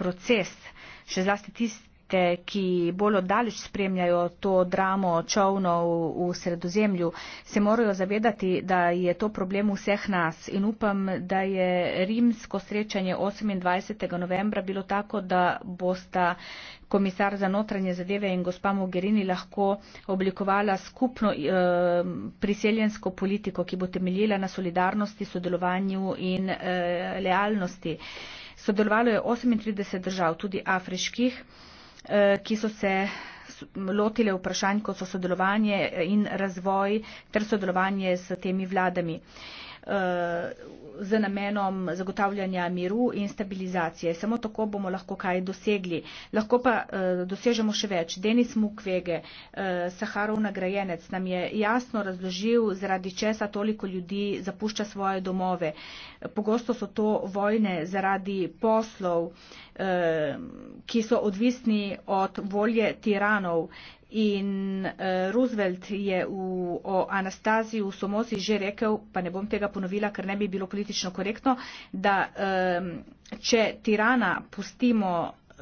proces, še zlasti tisti, gledalke, ki bolj oddaljč spremljajo to dramo čovnov v sredozemlju, se morajo zavedati, da je to problem vseh nas. In upam, da je rimsko srečanje 28. novembra bilo tako, da bosta komisar za notranje zadeve in gospa Mogherini lahko oblikovala skupno eh, priseljensko politiko, ki bo temeljila na solidarnosti, sodelovanju in eh, lealnosti. Sodelovalo je 38 držav, tudi afriških. Eh, ki so se lotile vprašanj, kot so sodelovanje in razvoj ter sodelovanje s temi vladami. Eh, z namenom zagotavljanja miru in stabilizacije. Samo tako bomo lahko kaj dosegli. Lahko pa eh, dosežemo še več. Denis Mukwege, eh, Saharov nagrajenec, nam je jasno razložil, zaradi česa toliko ljudi zapušča svoje domove. Pogosto so to vojne zaradi poslov, ki so odvisni od volje tiranov. In eh, Roosevelt je v, o Anastaziju v Somozi že rekel, pa ne bom tega ponovila, ker ne bi bilo politično korektno, da eh, če tirana pustimo,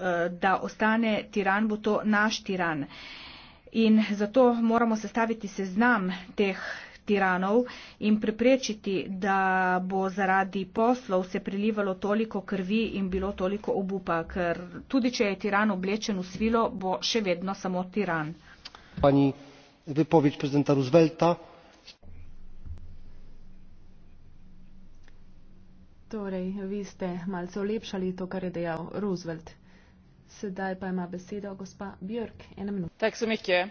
eh, da ostane tiran, bo to naš tiran. In zato moramo sestaviti seznam teh tiranov in preprečiti, da bo zaradi poslov se prelivalo toliko krvi in bilo toliko obupa, ker tudi če je tiran oblečen v svilo, bo še vedno samo tiran. Pani vypoveď prezidenta Roosevelta. Torej, vi ste malce olepšali to, kar je dejal Roosevelt. Sedaj pa ima besedo gospa Björk. Ena minuta. Tak so mi je.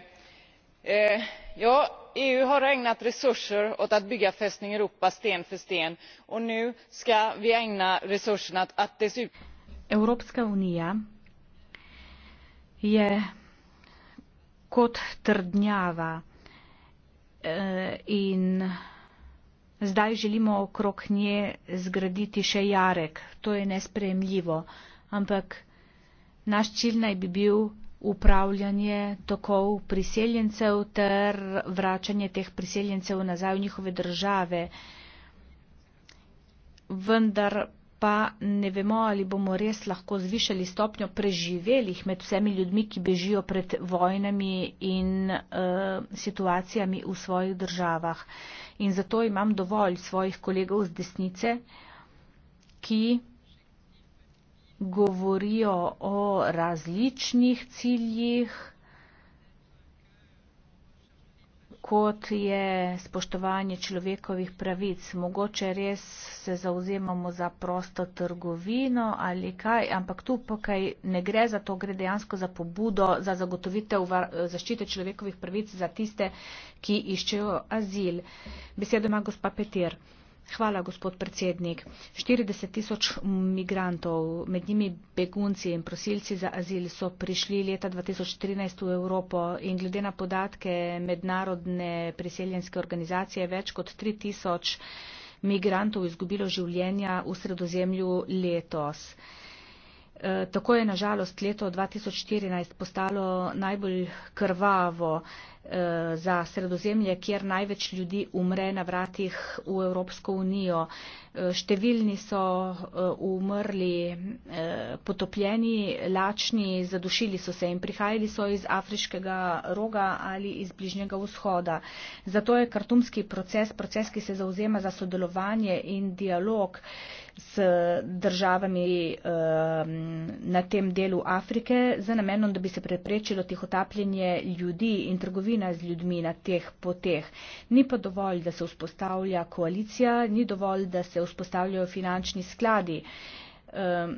Eh, ja, eu har ägnat resurser åt att bygga fästning europa sten för sten och nu skall vi ägna resurserna åt att Evropska unija je kot trdnjava eh, in zdaj želimo okrog nje zgraditi še jarek. To je nesprejemljivo, ampak naš cilj naj bi bil upravljanje tokov priseljencev ter vračanje teh priseljencev nazaj v njihove države. Vendar pa ne vemo, ali bomo res lahko zvišali stopnjo preživelih med vsemi ljudmi, ki bežijo pred vojnami in e, situacijami v svojih državah. In zato imam dovolj svojih kolegov z desnice, ki govorijo o različnih ciljih, kot je spoštovanje človekovih pravic. Mogoče res se zauzemamo za prosto trgovino ali kaj, ampak tu pokaj ne gre za to, gre dejansko za pobudo, za zagotovitev zaščite človekovih pravic za tiste, ki iščejo azil. Besedo ima gospa Petir. Hvala, gospod predsednik. 40 tisoč migrantov, med njimi begunci in prosilci za azil, so prišli leta 2013 v Evropo in glede na podatke mednarodne priseljenske organizacije več kot 3 tisoč migrantov izgubilo življenja v sredozemlju letos. Tako je nažalost leto 2014 postalo najbolj krvavo eh, za sredozemlje, kjer največ ljudi umre na vratih v Evropsko unijo. Eh, številni so eh, umrli potopljeni, lačni, zadušili so se in prihajali so iz afriškega roga ali iz bližnjega vzhoda. Zato je kartumski proces, proces, ki se zauzema za sodelovanje in dialog, s državami ehm, na tem delu Afrike, za namenom, da bi se preprečilo tihotapljenje ljudi in trgovina z ljudmi na teh poteh. Ni pa dovolj, da se vzpostavlja koalicija, ni dovolj, da se vzpostavljajo finančni skladi. Ehm,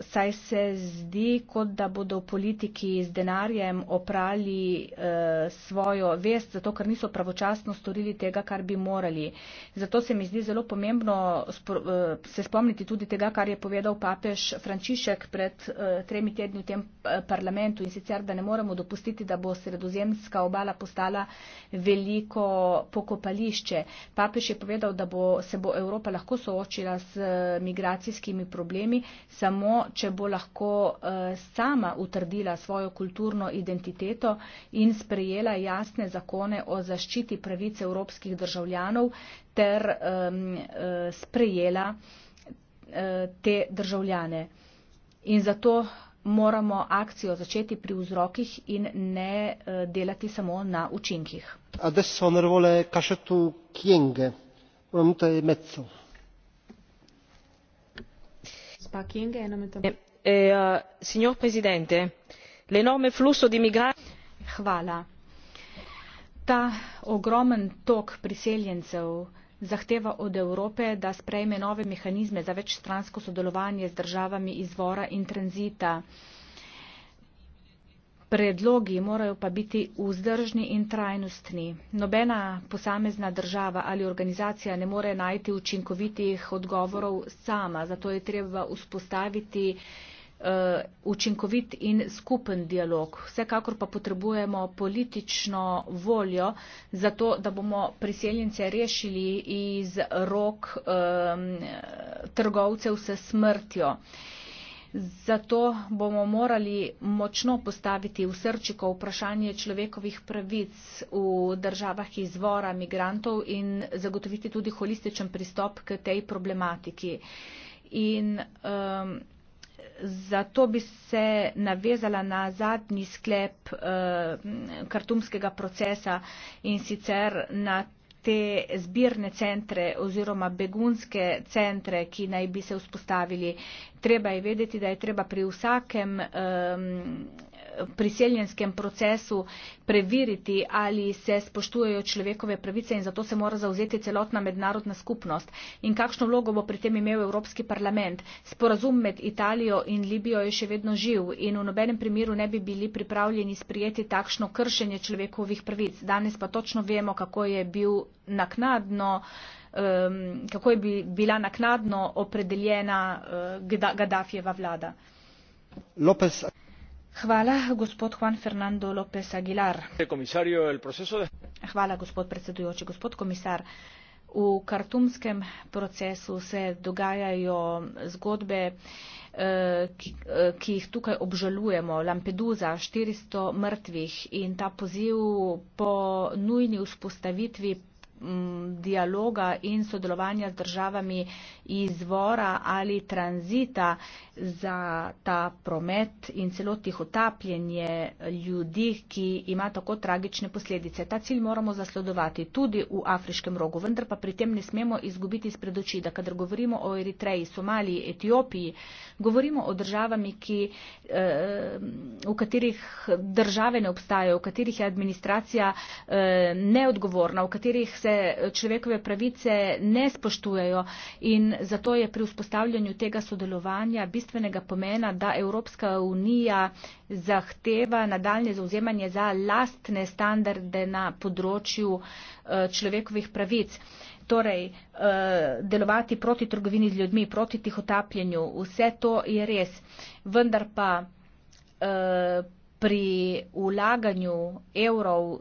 saj se zdi, kot da bodo politiki z denarjem oprali eh, svojo vest, zato ker niso pravočasno storili tega, kar bi morali. Zato se mi zdi zelo pomembno eh, se spomniti tudi tega, kar je povedal papež Frančišek pred eh, tremi tedni v tem eh, parlamentu in sicer, da ne moremo dopustiti, da bo sredozemska obala postala veliko pokopališče. Papež je povedal, da bo, se bo Evropa lahko soočila z eh, migracijskimi problemi samo če bo lahko eh, sama utrdila svojo kulturno identiteto in sprejela jasne zakone o zaščiti pravice evropskih državljanov ter eh, sprejela eh, te državljane. In zato moramo akcijo začeti pri vzrokih in ne delati samo na učinkih. Adesso, onorevole, Eh, eh, eh, signor presidente l'enorme flusso di migranti. ta ogromen tok priseljencev zahteva od evrope da sprejme nove mehanizme za večstransko sodelovanje z državami izvora in tranzita. Predlogi morajo pa biti vzdržni in trajnostni. Nobena posamezna država ali organizacija ne more najti učinkovitih odgovorov sama, zato je treba vzpostaviti eh, učinkovit in skupen dialog. Vsekakor pa potrebujemo politično voljo za to, da bomo priseljence rešili iz rok um, trgovcev s smrtjo. Uh, Zato bomo morali močno postaviti v srčiko vprašanje človekovih pravic v državah izvora migrantov in zagotoviti tudi holističen pristop k tej problematiki. In um, zato bi se navezala na zadnji sklep uh, kartumskega procesa in sicer na te zbirne centre oziroma begunske centre, ki naj bi se vzpostavili. Treba je vedeti, da je treba pri vsakem um, priseljenskem procesu preveriti, ali se spoštujejo človekove pravice in zato se mora zauzeti celotna mednarodna skupnost. In kakšno vlogo bo pri tem imel Evropski parlament? Sporazum med Italijo in Libijo je še vedno živ in v nobenem primeru ne bi bili pripravljeni sprijeti takšno kršenje človekovih pravic. Danes pa točno vemo, kako je bil naknadno kako je bila naknadno opredeljena eh, Gaddafijeva vlada. Lopez hvala gospod predsedujoči gospod komisar v kartumskem procesu se dogajajo zgodbe eh, eh, ki jih tukaj obžalujemo lampedusa štiristo mrtvih in ta poziv po nujni vzpostavitvi dialoga in sodelovanja z državami izvora ali tranzita za ta promet in celotih utapljenje ljudi, ki ima tako tragične posledice. Ta cilj moramo zasledovati tudi v afriškem rogu, vendar pa pri tem ne smemo izgubiti iz predoči, da kadar govorimo o Eritreji, Somaliji, Etiopiji, govorimo o državami, ki, eh, v katerih države ne obstajajo, v katerih je administracija eh, neodgovorna, v katerih se človekove pravice ne spoštujejo in zato je pri vzpostavljanju tega sodelovanja bistvenega pomena, da Evropska unija zahteva nadaljne zauzemanje za lastne standarde na področju eh, človekovih pravic. Torej, eh, delovati proti trgovini z ljudmi, proti tihotapljenju, vse to je res. Vendar pa eh, pri vlaganju evrov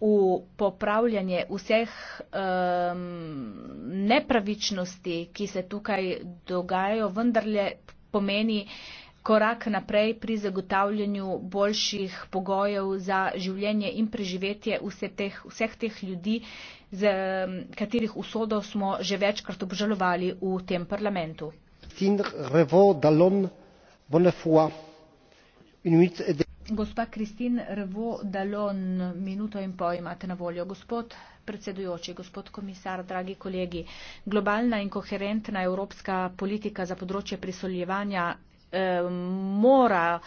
v popravljanje vseh um, nepravičnosti, ki se tukaj dogajajo, vendarle pomeni korak naprej pri zagotavljanju boljših pogojev za življenje in preživetje vse teh, vseh teh ljudi, z katerih usodo smo že večkrat obžalovali v tem parlamentu. Tindr, revo, dalon, bonne foi. Une minute et Gospa Kristin Revo Dalon, minuto in pol imate na voljo. Gospod predsedujoči, gospod komisar, dragi kolegi, globalna in koherentna evropska politika za področje prisoljevanja eh, mora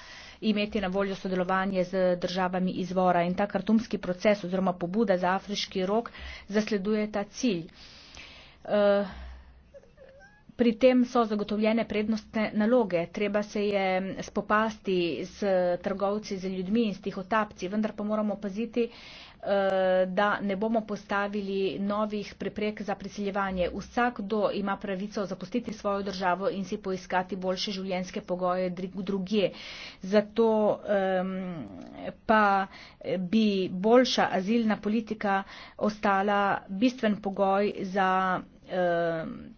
imeti na voljo sodelovanje z državami izvora in ta kartumski proces oziroma pobuda za afriški rok zasleduje ta cilj. Eh, pri tem so zagotovljene prednostne naloge, treba se je spopasti z trgovci, z ljudmi in s tih otapci, vendar pa moramo paziti, eh, da ne bomo postavili novih preprek za priseljevanje. Vsak, kdo ima pravico zapustiti svojo državo in si poiskati boljše življenjske pogoje drugje. Zato um, pa bi boljša azilna politika ostala bistven pogoj za um,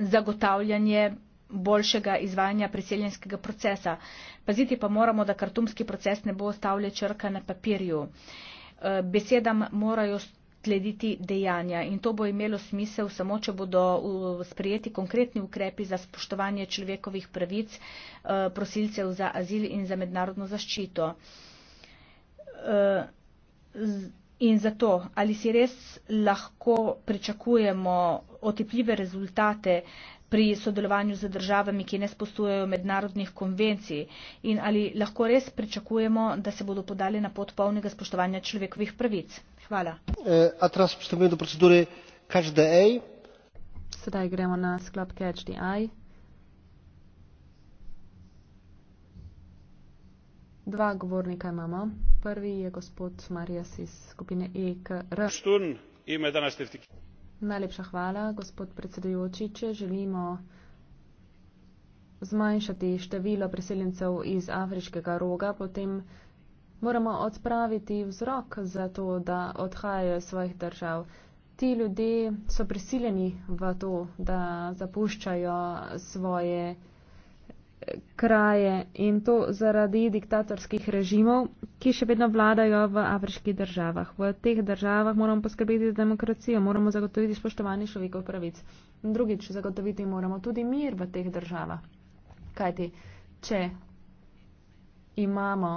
zagotavljanje boljšega izvajanja priseljenskega procesa. Paziti pa moramo, da kartumski proces ne bo ostavlja črka na papirju. Eh, besedam morajo slediti dejanja in to bo imelo smisel samo, če bodo sprijeti konkretni ukrepi za spoštovanje človekovih pravic eh, prosilcev za azil in za mednarodno zaščito. Eh, in zato, ali si res lahko pričakujemo otepljive rezultate pri sodelovanju z državami, ki ne spostujejo mednarodnih konvencij in ali lahko res pričakujemo, da se bodo podali na pot polnega spoštovanja človekovih pravic. Hvala. Eh, Sedaj gremo na sklop Catch the Eye. Dva govornika imamo. Prvi je gospod Marijas iz skupine EKR. Najlepša hvala, gospod predsedujoči. Če želimo zmanjšati število priseljencev iz afriškega roga, potem moramo odpraviti vzrok za to, da odhajajo iz svojih držav. Ti ljudje so prisiljeni v to, da zapuščajo svoje kraje in to zaradi diktatorskih režimov, ki še vedno vladajo v afriških državah. V teh državah moramo poskrbeti za demokracijo, moramo zagotoviti spoštovanje človekovih pravic. Drugič, zagotoviti moramo tudi mir v teh državah. Kajti, če imamo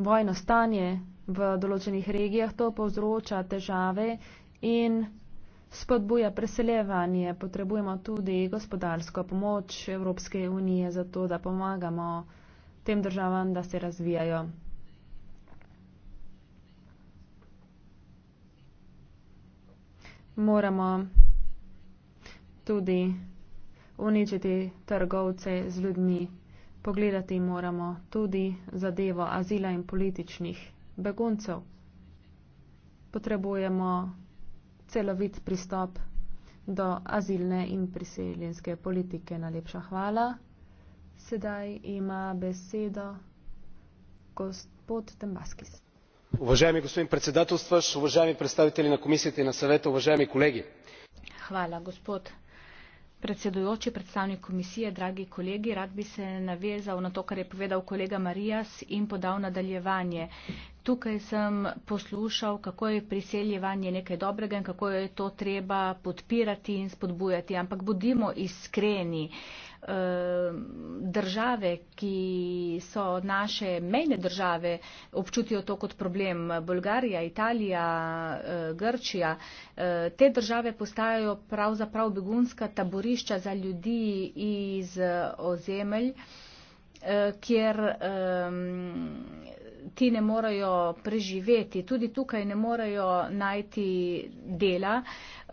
vojno stanje v določenih regijah, to povzroča težave in spodbuja preseljevanje, potrebujemo tudi gospodarsko pomoč Evropske unije za to, da pomagamo tem državam, da se razvijajo. Moramo tudi uničiti trgovce z ljudmi. Pogledati moramo tudi zadevo azila in političnih beguncev. Potrebujemo celovit pristop do azilne in priseljenske politike. Najlepša hvala. Sedaj ima besedo gospod Tembaskis. Uvaženi gospod predsedatelj, uvaženi predstavitelji na komisiji in na svetu, uvaženi kolegi. Hvala, gospod predsedujoči, predstavnik komisije, dragi kolegi, rad bi se navezal na to, kar je povedal kolega Marijas in podal nadaljevanje. Tukaj sem poslušal, kako je priseljevanje nekaj dobrega in kako je to treba podpirati in spodbujati. Ampak bodimo iskreni. Uh, Eh, države, ki so naše mejne države, občutijo to kot problem. Bolgarija, Italija, eh, Grčija. Eh, te države postajajo pravzaprav begunska taborišča za ljudi iz ozemelj, kjer ti ne morejo preživeti. Tudi tukaj ne morejo najti dela.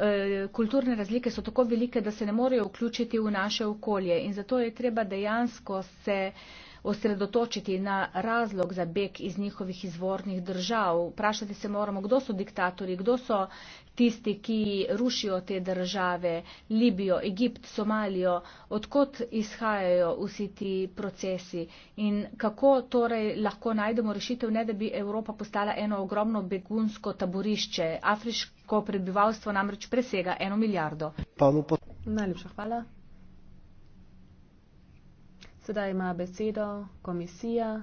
Eh, kulturne razlike so tako velike, da se ne morejo vključiti v naše okolje in zato je treba dejansko se uh, osredotočiti na razlog za beg iz njihovih izvornih držav. Vprašati se moramo, kdo so diktatori, kdo so tisti, ki rušijo te države, Libijo, Egipt, Somalijo, odkot izhajajo vsi ti procesi in kako torej lahko najdemo rešitev, ne da bi Evropa postala eno ogromno begunsko taborišče. Afriško prebivalstvo namreč presega eno milijardo. Najlepša hvala. Sedaj ima besedo komisija.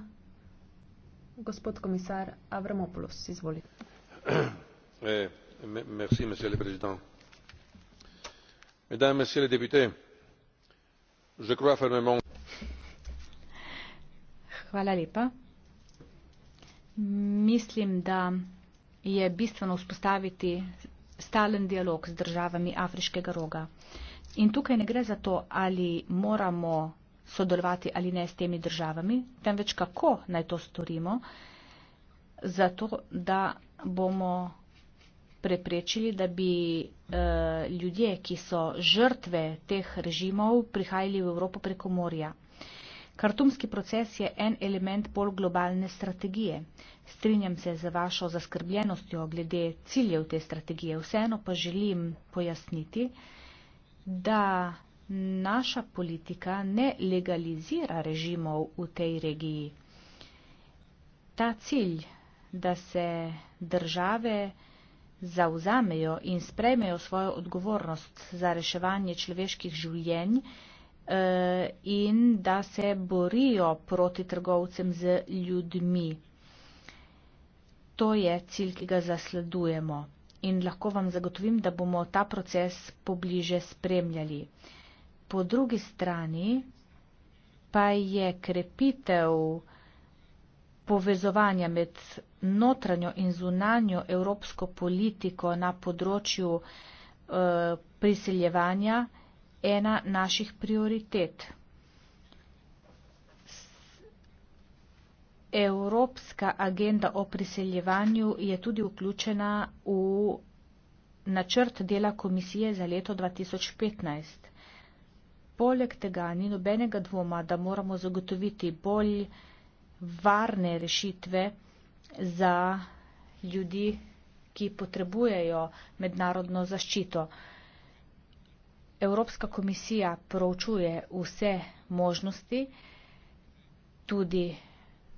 Gospod komisar Avramopoulos, izvolite. Eh, merci, monsieur le président. Mesdames, messieurs les députés, je crois fermement. Hvala lepa. Mislim, da je bistveno vzpostaviti stalen dialog z državami afriškega roga. In tukaj ne gre za to, ali moramo sodelovati ali ne s temi državami, temveč kako naj to storimo, zato da bomo preprečili, da bi eh, ljudje, ki so žrtve teh režimov, prihajali v Evropo preko morja. Kartumski proces je en element bolj globalne strategije. Strinjam se za vašo zaskrbljenostjo glede ciljev te strategije. Vseeno pa želim pojasniti, da naša politika ne legalizira režimov v tej regiji. Ta cilj, da se države zauzamejo in sprejmejo svojo odgovornost za reševanje človeških življenj eh, in da se borijo proti trgovcem z ljudmi. To je cilj, ki ga zasledujemo in lahko vam zagotovim, da bomo ta proces pobliže spremljali po drugi strani pa je krepitev povezovanja med notranjo in zunanjo evropsko politiko na področju uh, priseljevanja ena naših prioritet. Evropska agenda o priseljevanju je tudi vključena v načrt dela komisije za leto 2015. Poleg tega ni nobenega dvoma, da moramo zagotoviti bolj varne rešitve za ljudi, ki potrebujejo mednarodno zaščito. Evropska komisija proučuje vse možnosti, tudi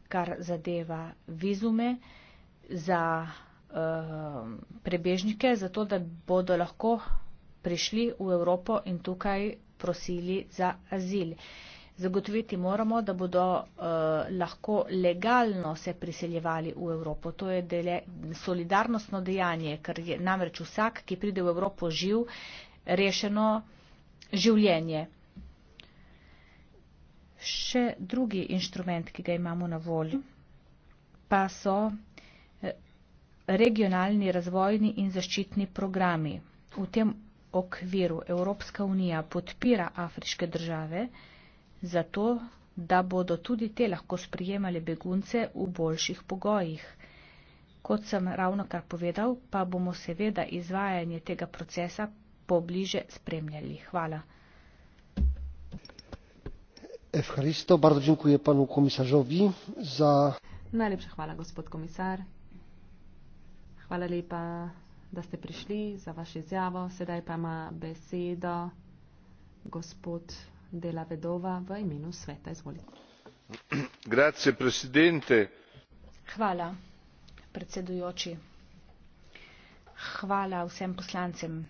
kar zadeva vizume za e, prebežnike, zato da bodo lahko prišli v Evropo in tukaj prosili za azil. Zagotoviti moramo, da bodo uh, lahko legalno se priseljevali v Evropo. To je dele, solidarnostno dejanje, ker je namreč vsak, ki pride v Evropo živ, rešeno življenje. Še drugi inštrument, ki ga imamo na voljo, pa so eh, regionalni razvojni in zaščitni programi. V tem okviru Evropska unija podpira afriške države, zato da bodo tudi te lahko sprijemali begunce v boljših pogojih. Kot sem ravno kar povedal, pa bomo seveda izvajanje tega procesa pobliže spremljali. Hvala. Evharisto, bardzo dziękuję panu komisarzowi za... Najlepša hvala, gospod komisar. Hvala lepa da ste prišli za vaše izjavo. Sedaj pa ima besedo gospod Dela Vedova v imenu sveta. Izvolite. Grazie, presidente. Hvala, predsedujoči. Hvala vsem poslancem,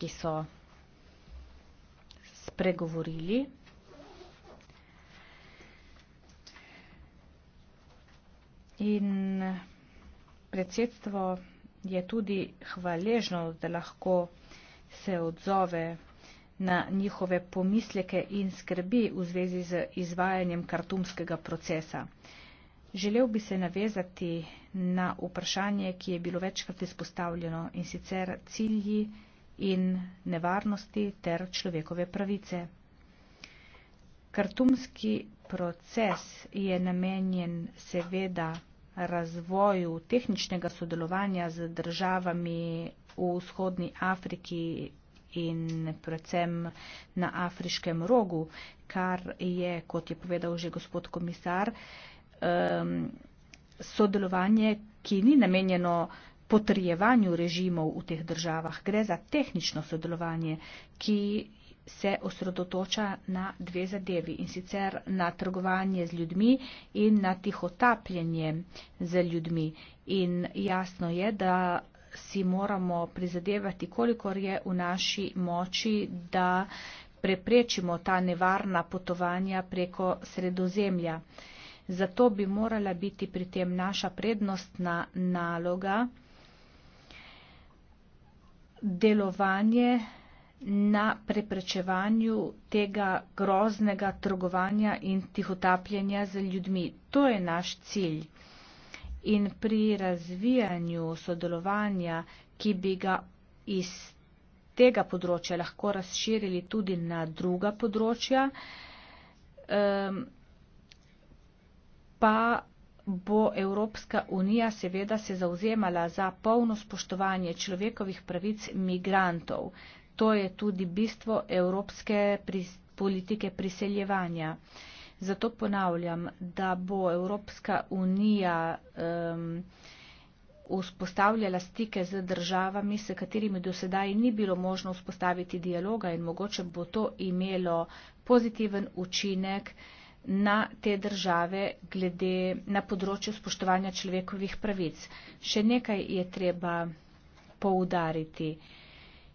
ki so spregovorili. In predsedstvo je tudi hvaležno, da lahko se odzove na njihove pomisleke in skrbi v zvezi z izvajanjem kartumskega procesa. Želel bi se navezati na vprašanje, ki je bilo večkrat izpostavljeno in sicer cilji in nevarnosti ter človekove pravice. Kartumski proces je namenjen seveda razvoju tehničnega sodelovanja z državami v vzhodni Afriki in predvsem na afriškem rogu, kar je, kot je povedal že gospod komisar, um, sodelovanje, ki ni namenjeno potrjevanju režimov v teh državah. Gre za tehnično sodelovanje, ki se osredotoča na dve zadevi in sicer na trgovanje z ljudmi in na tihotapljenje z ljudmi. In jasno je, da si moramo prizadevati, kolikor je v naši moči, da preprečimo ta nevarna potovanja preko sredozemlja. Zato bi morala biti pri tem naša prednostna naloga delovanje na preprečevanju tega groznega trgovanja in tihotapljenja z ljudmi. To je naš cilj. In pri razvijanju sodelovanja, ki bi ga iz tega področja lahko razširili tudi na druga področja, pa bo Evropska unija seveda se zauzemala za polno spoštovanje človekovih pravic migrantov to je tudi bistvo evropske pris, politike priseljevanja. Zato ponavljam, da bo Evropska unija um, vzpostavljala stike z državami, s katerimi do sedaj ni bilo možno vzpostaviti dialoga in mogoče bo to imelo pozitiven učinek na te države glede na področju spoštovanja človekovih pravic. Še nekaj je treba poudariti. Uh,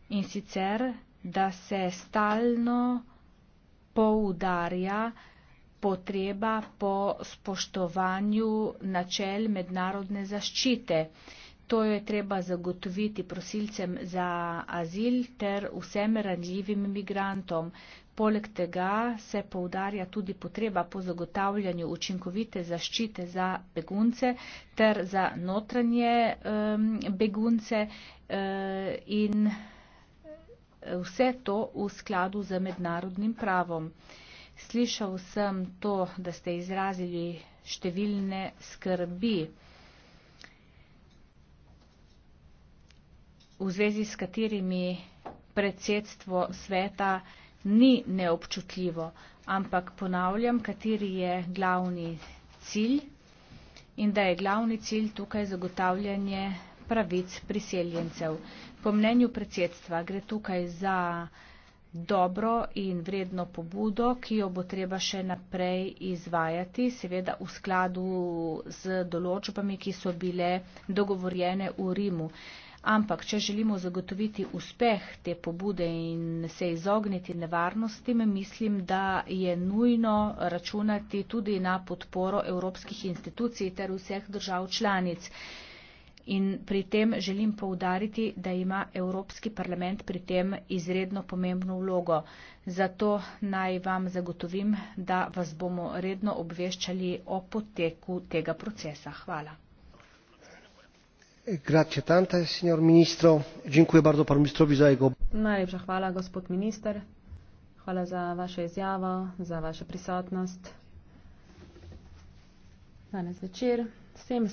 in sicer, da se stalno poudarja potreba po spoštovanju načel mednarodne zaščite. To je treba zagotoviti prosilcem za azil ter vsem ranljivim migrantom. Poleg tega se poudarja tudi potreba po zagotavljanju učinkovite zaščite za begunce ter za notranje um, begunce um, in vse to v skladu z mednarodnim pravom. Slišal sem to, da ste izrazili številne skrbi, v zvezi s katerimi predsedstvo sveta ni neobčutljivo, ampak ponavljam, kateri je glavni cilj in da je glavni cilj tukaj zagotavljanje pravic priseljencev. Po mnenju predsedstva gre tukaj za dobro in vredno pobudo, ki jo bo treba še naprej izvajati, seveda v skladu z določbami, ki so bile dogovorjene v Rimu. Ampak, če želimo zagotoviti uspeh te pobude in se izogniti nevarnostim, mislim, da je nujno računati tudi na podporo evropskih institucij ter vseh držav članic in pri tem želim povdariti, da ima Evropski parlament pri tem izredno pomembno vlogo. Zato naj vam zagotovim, da vas bomo redno obveščali o poteku tega procesa. Hvala. Grazie tante, signor ministro. Dziękuję bardzo panu ministrowi za jego... Najlepsza chwała, gospod minister. Chwała za wasze zjawo, za wasze prisotność. Dane z wieczór.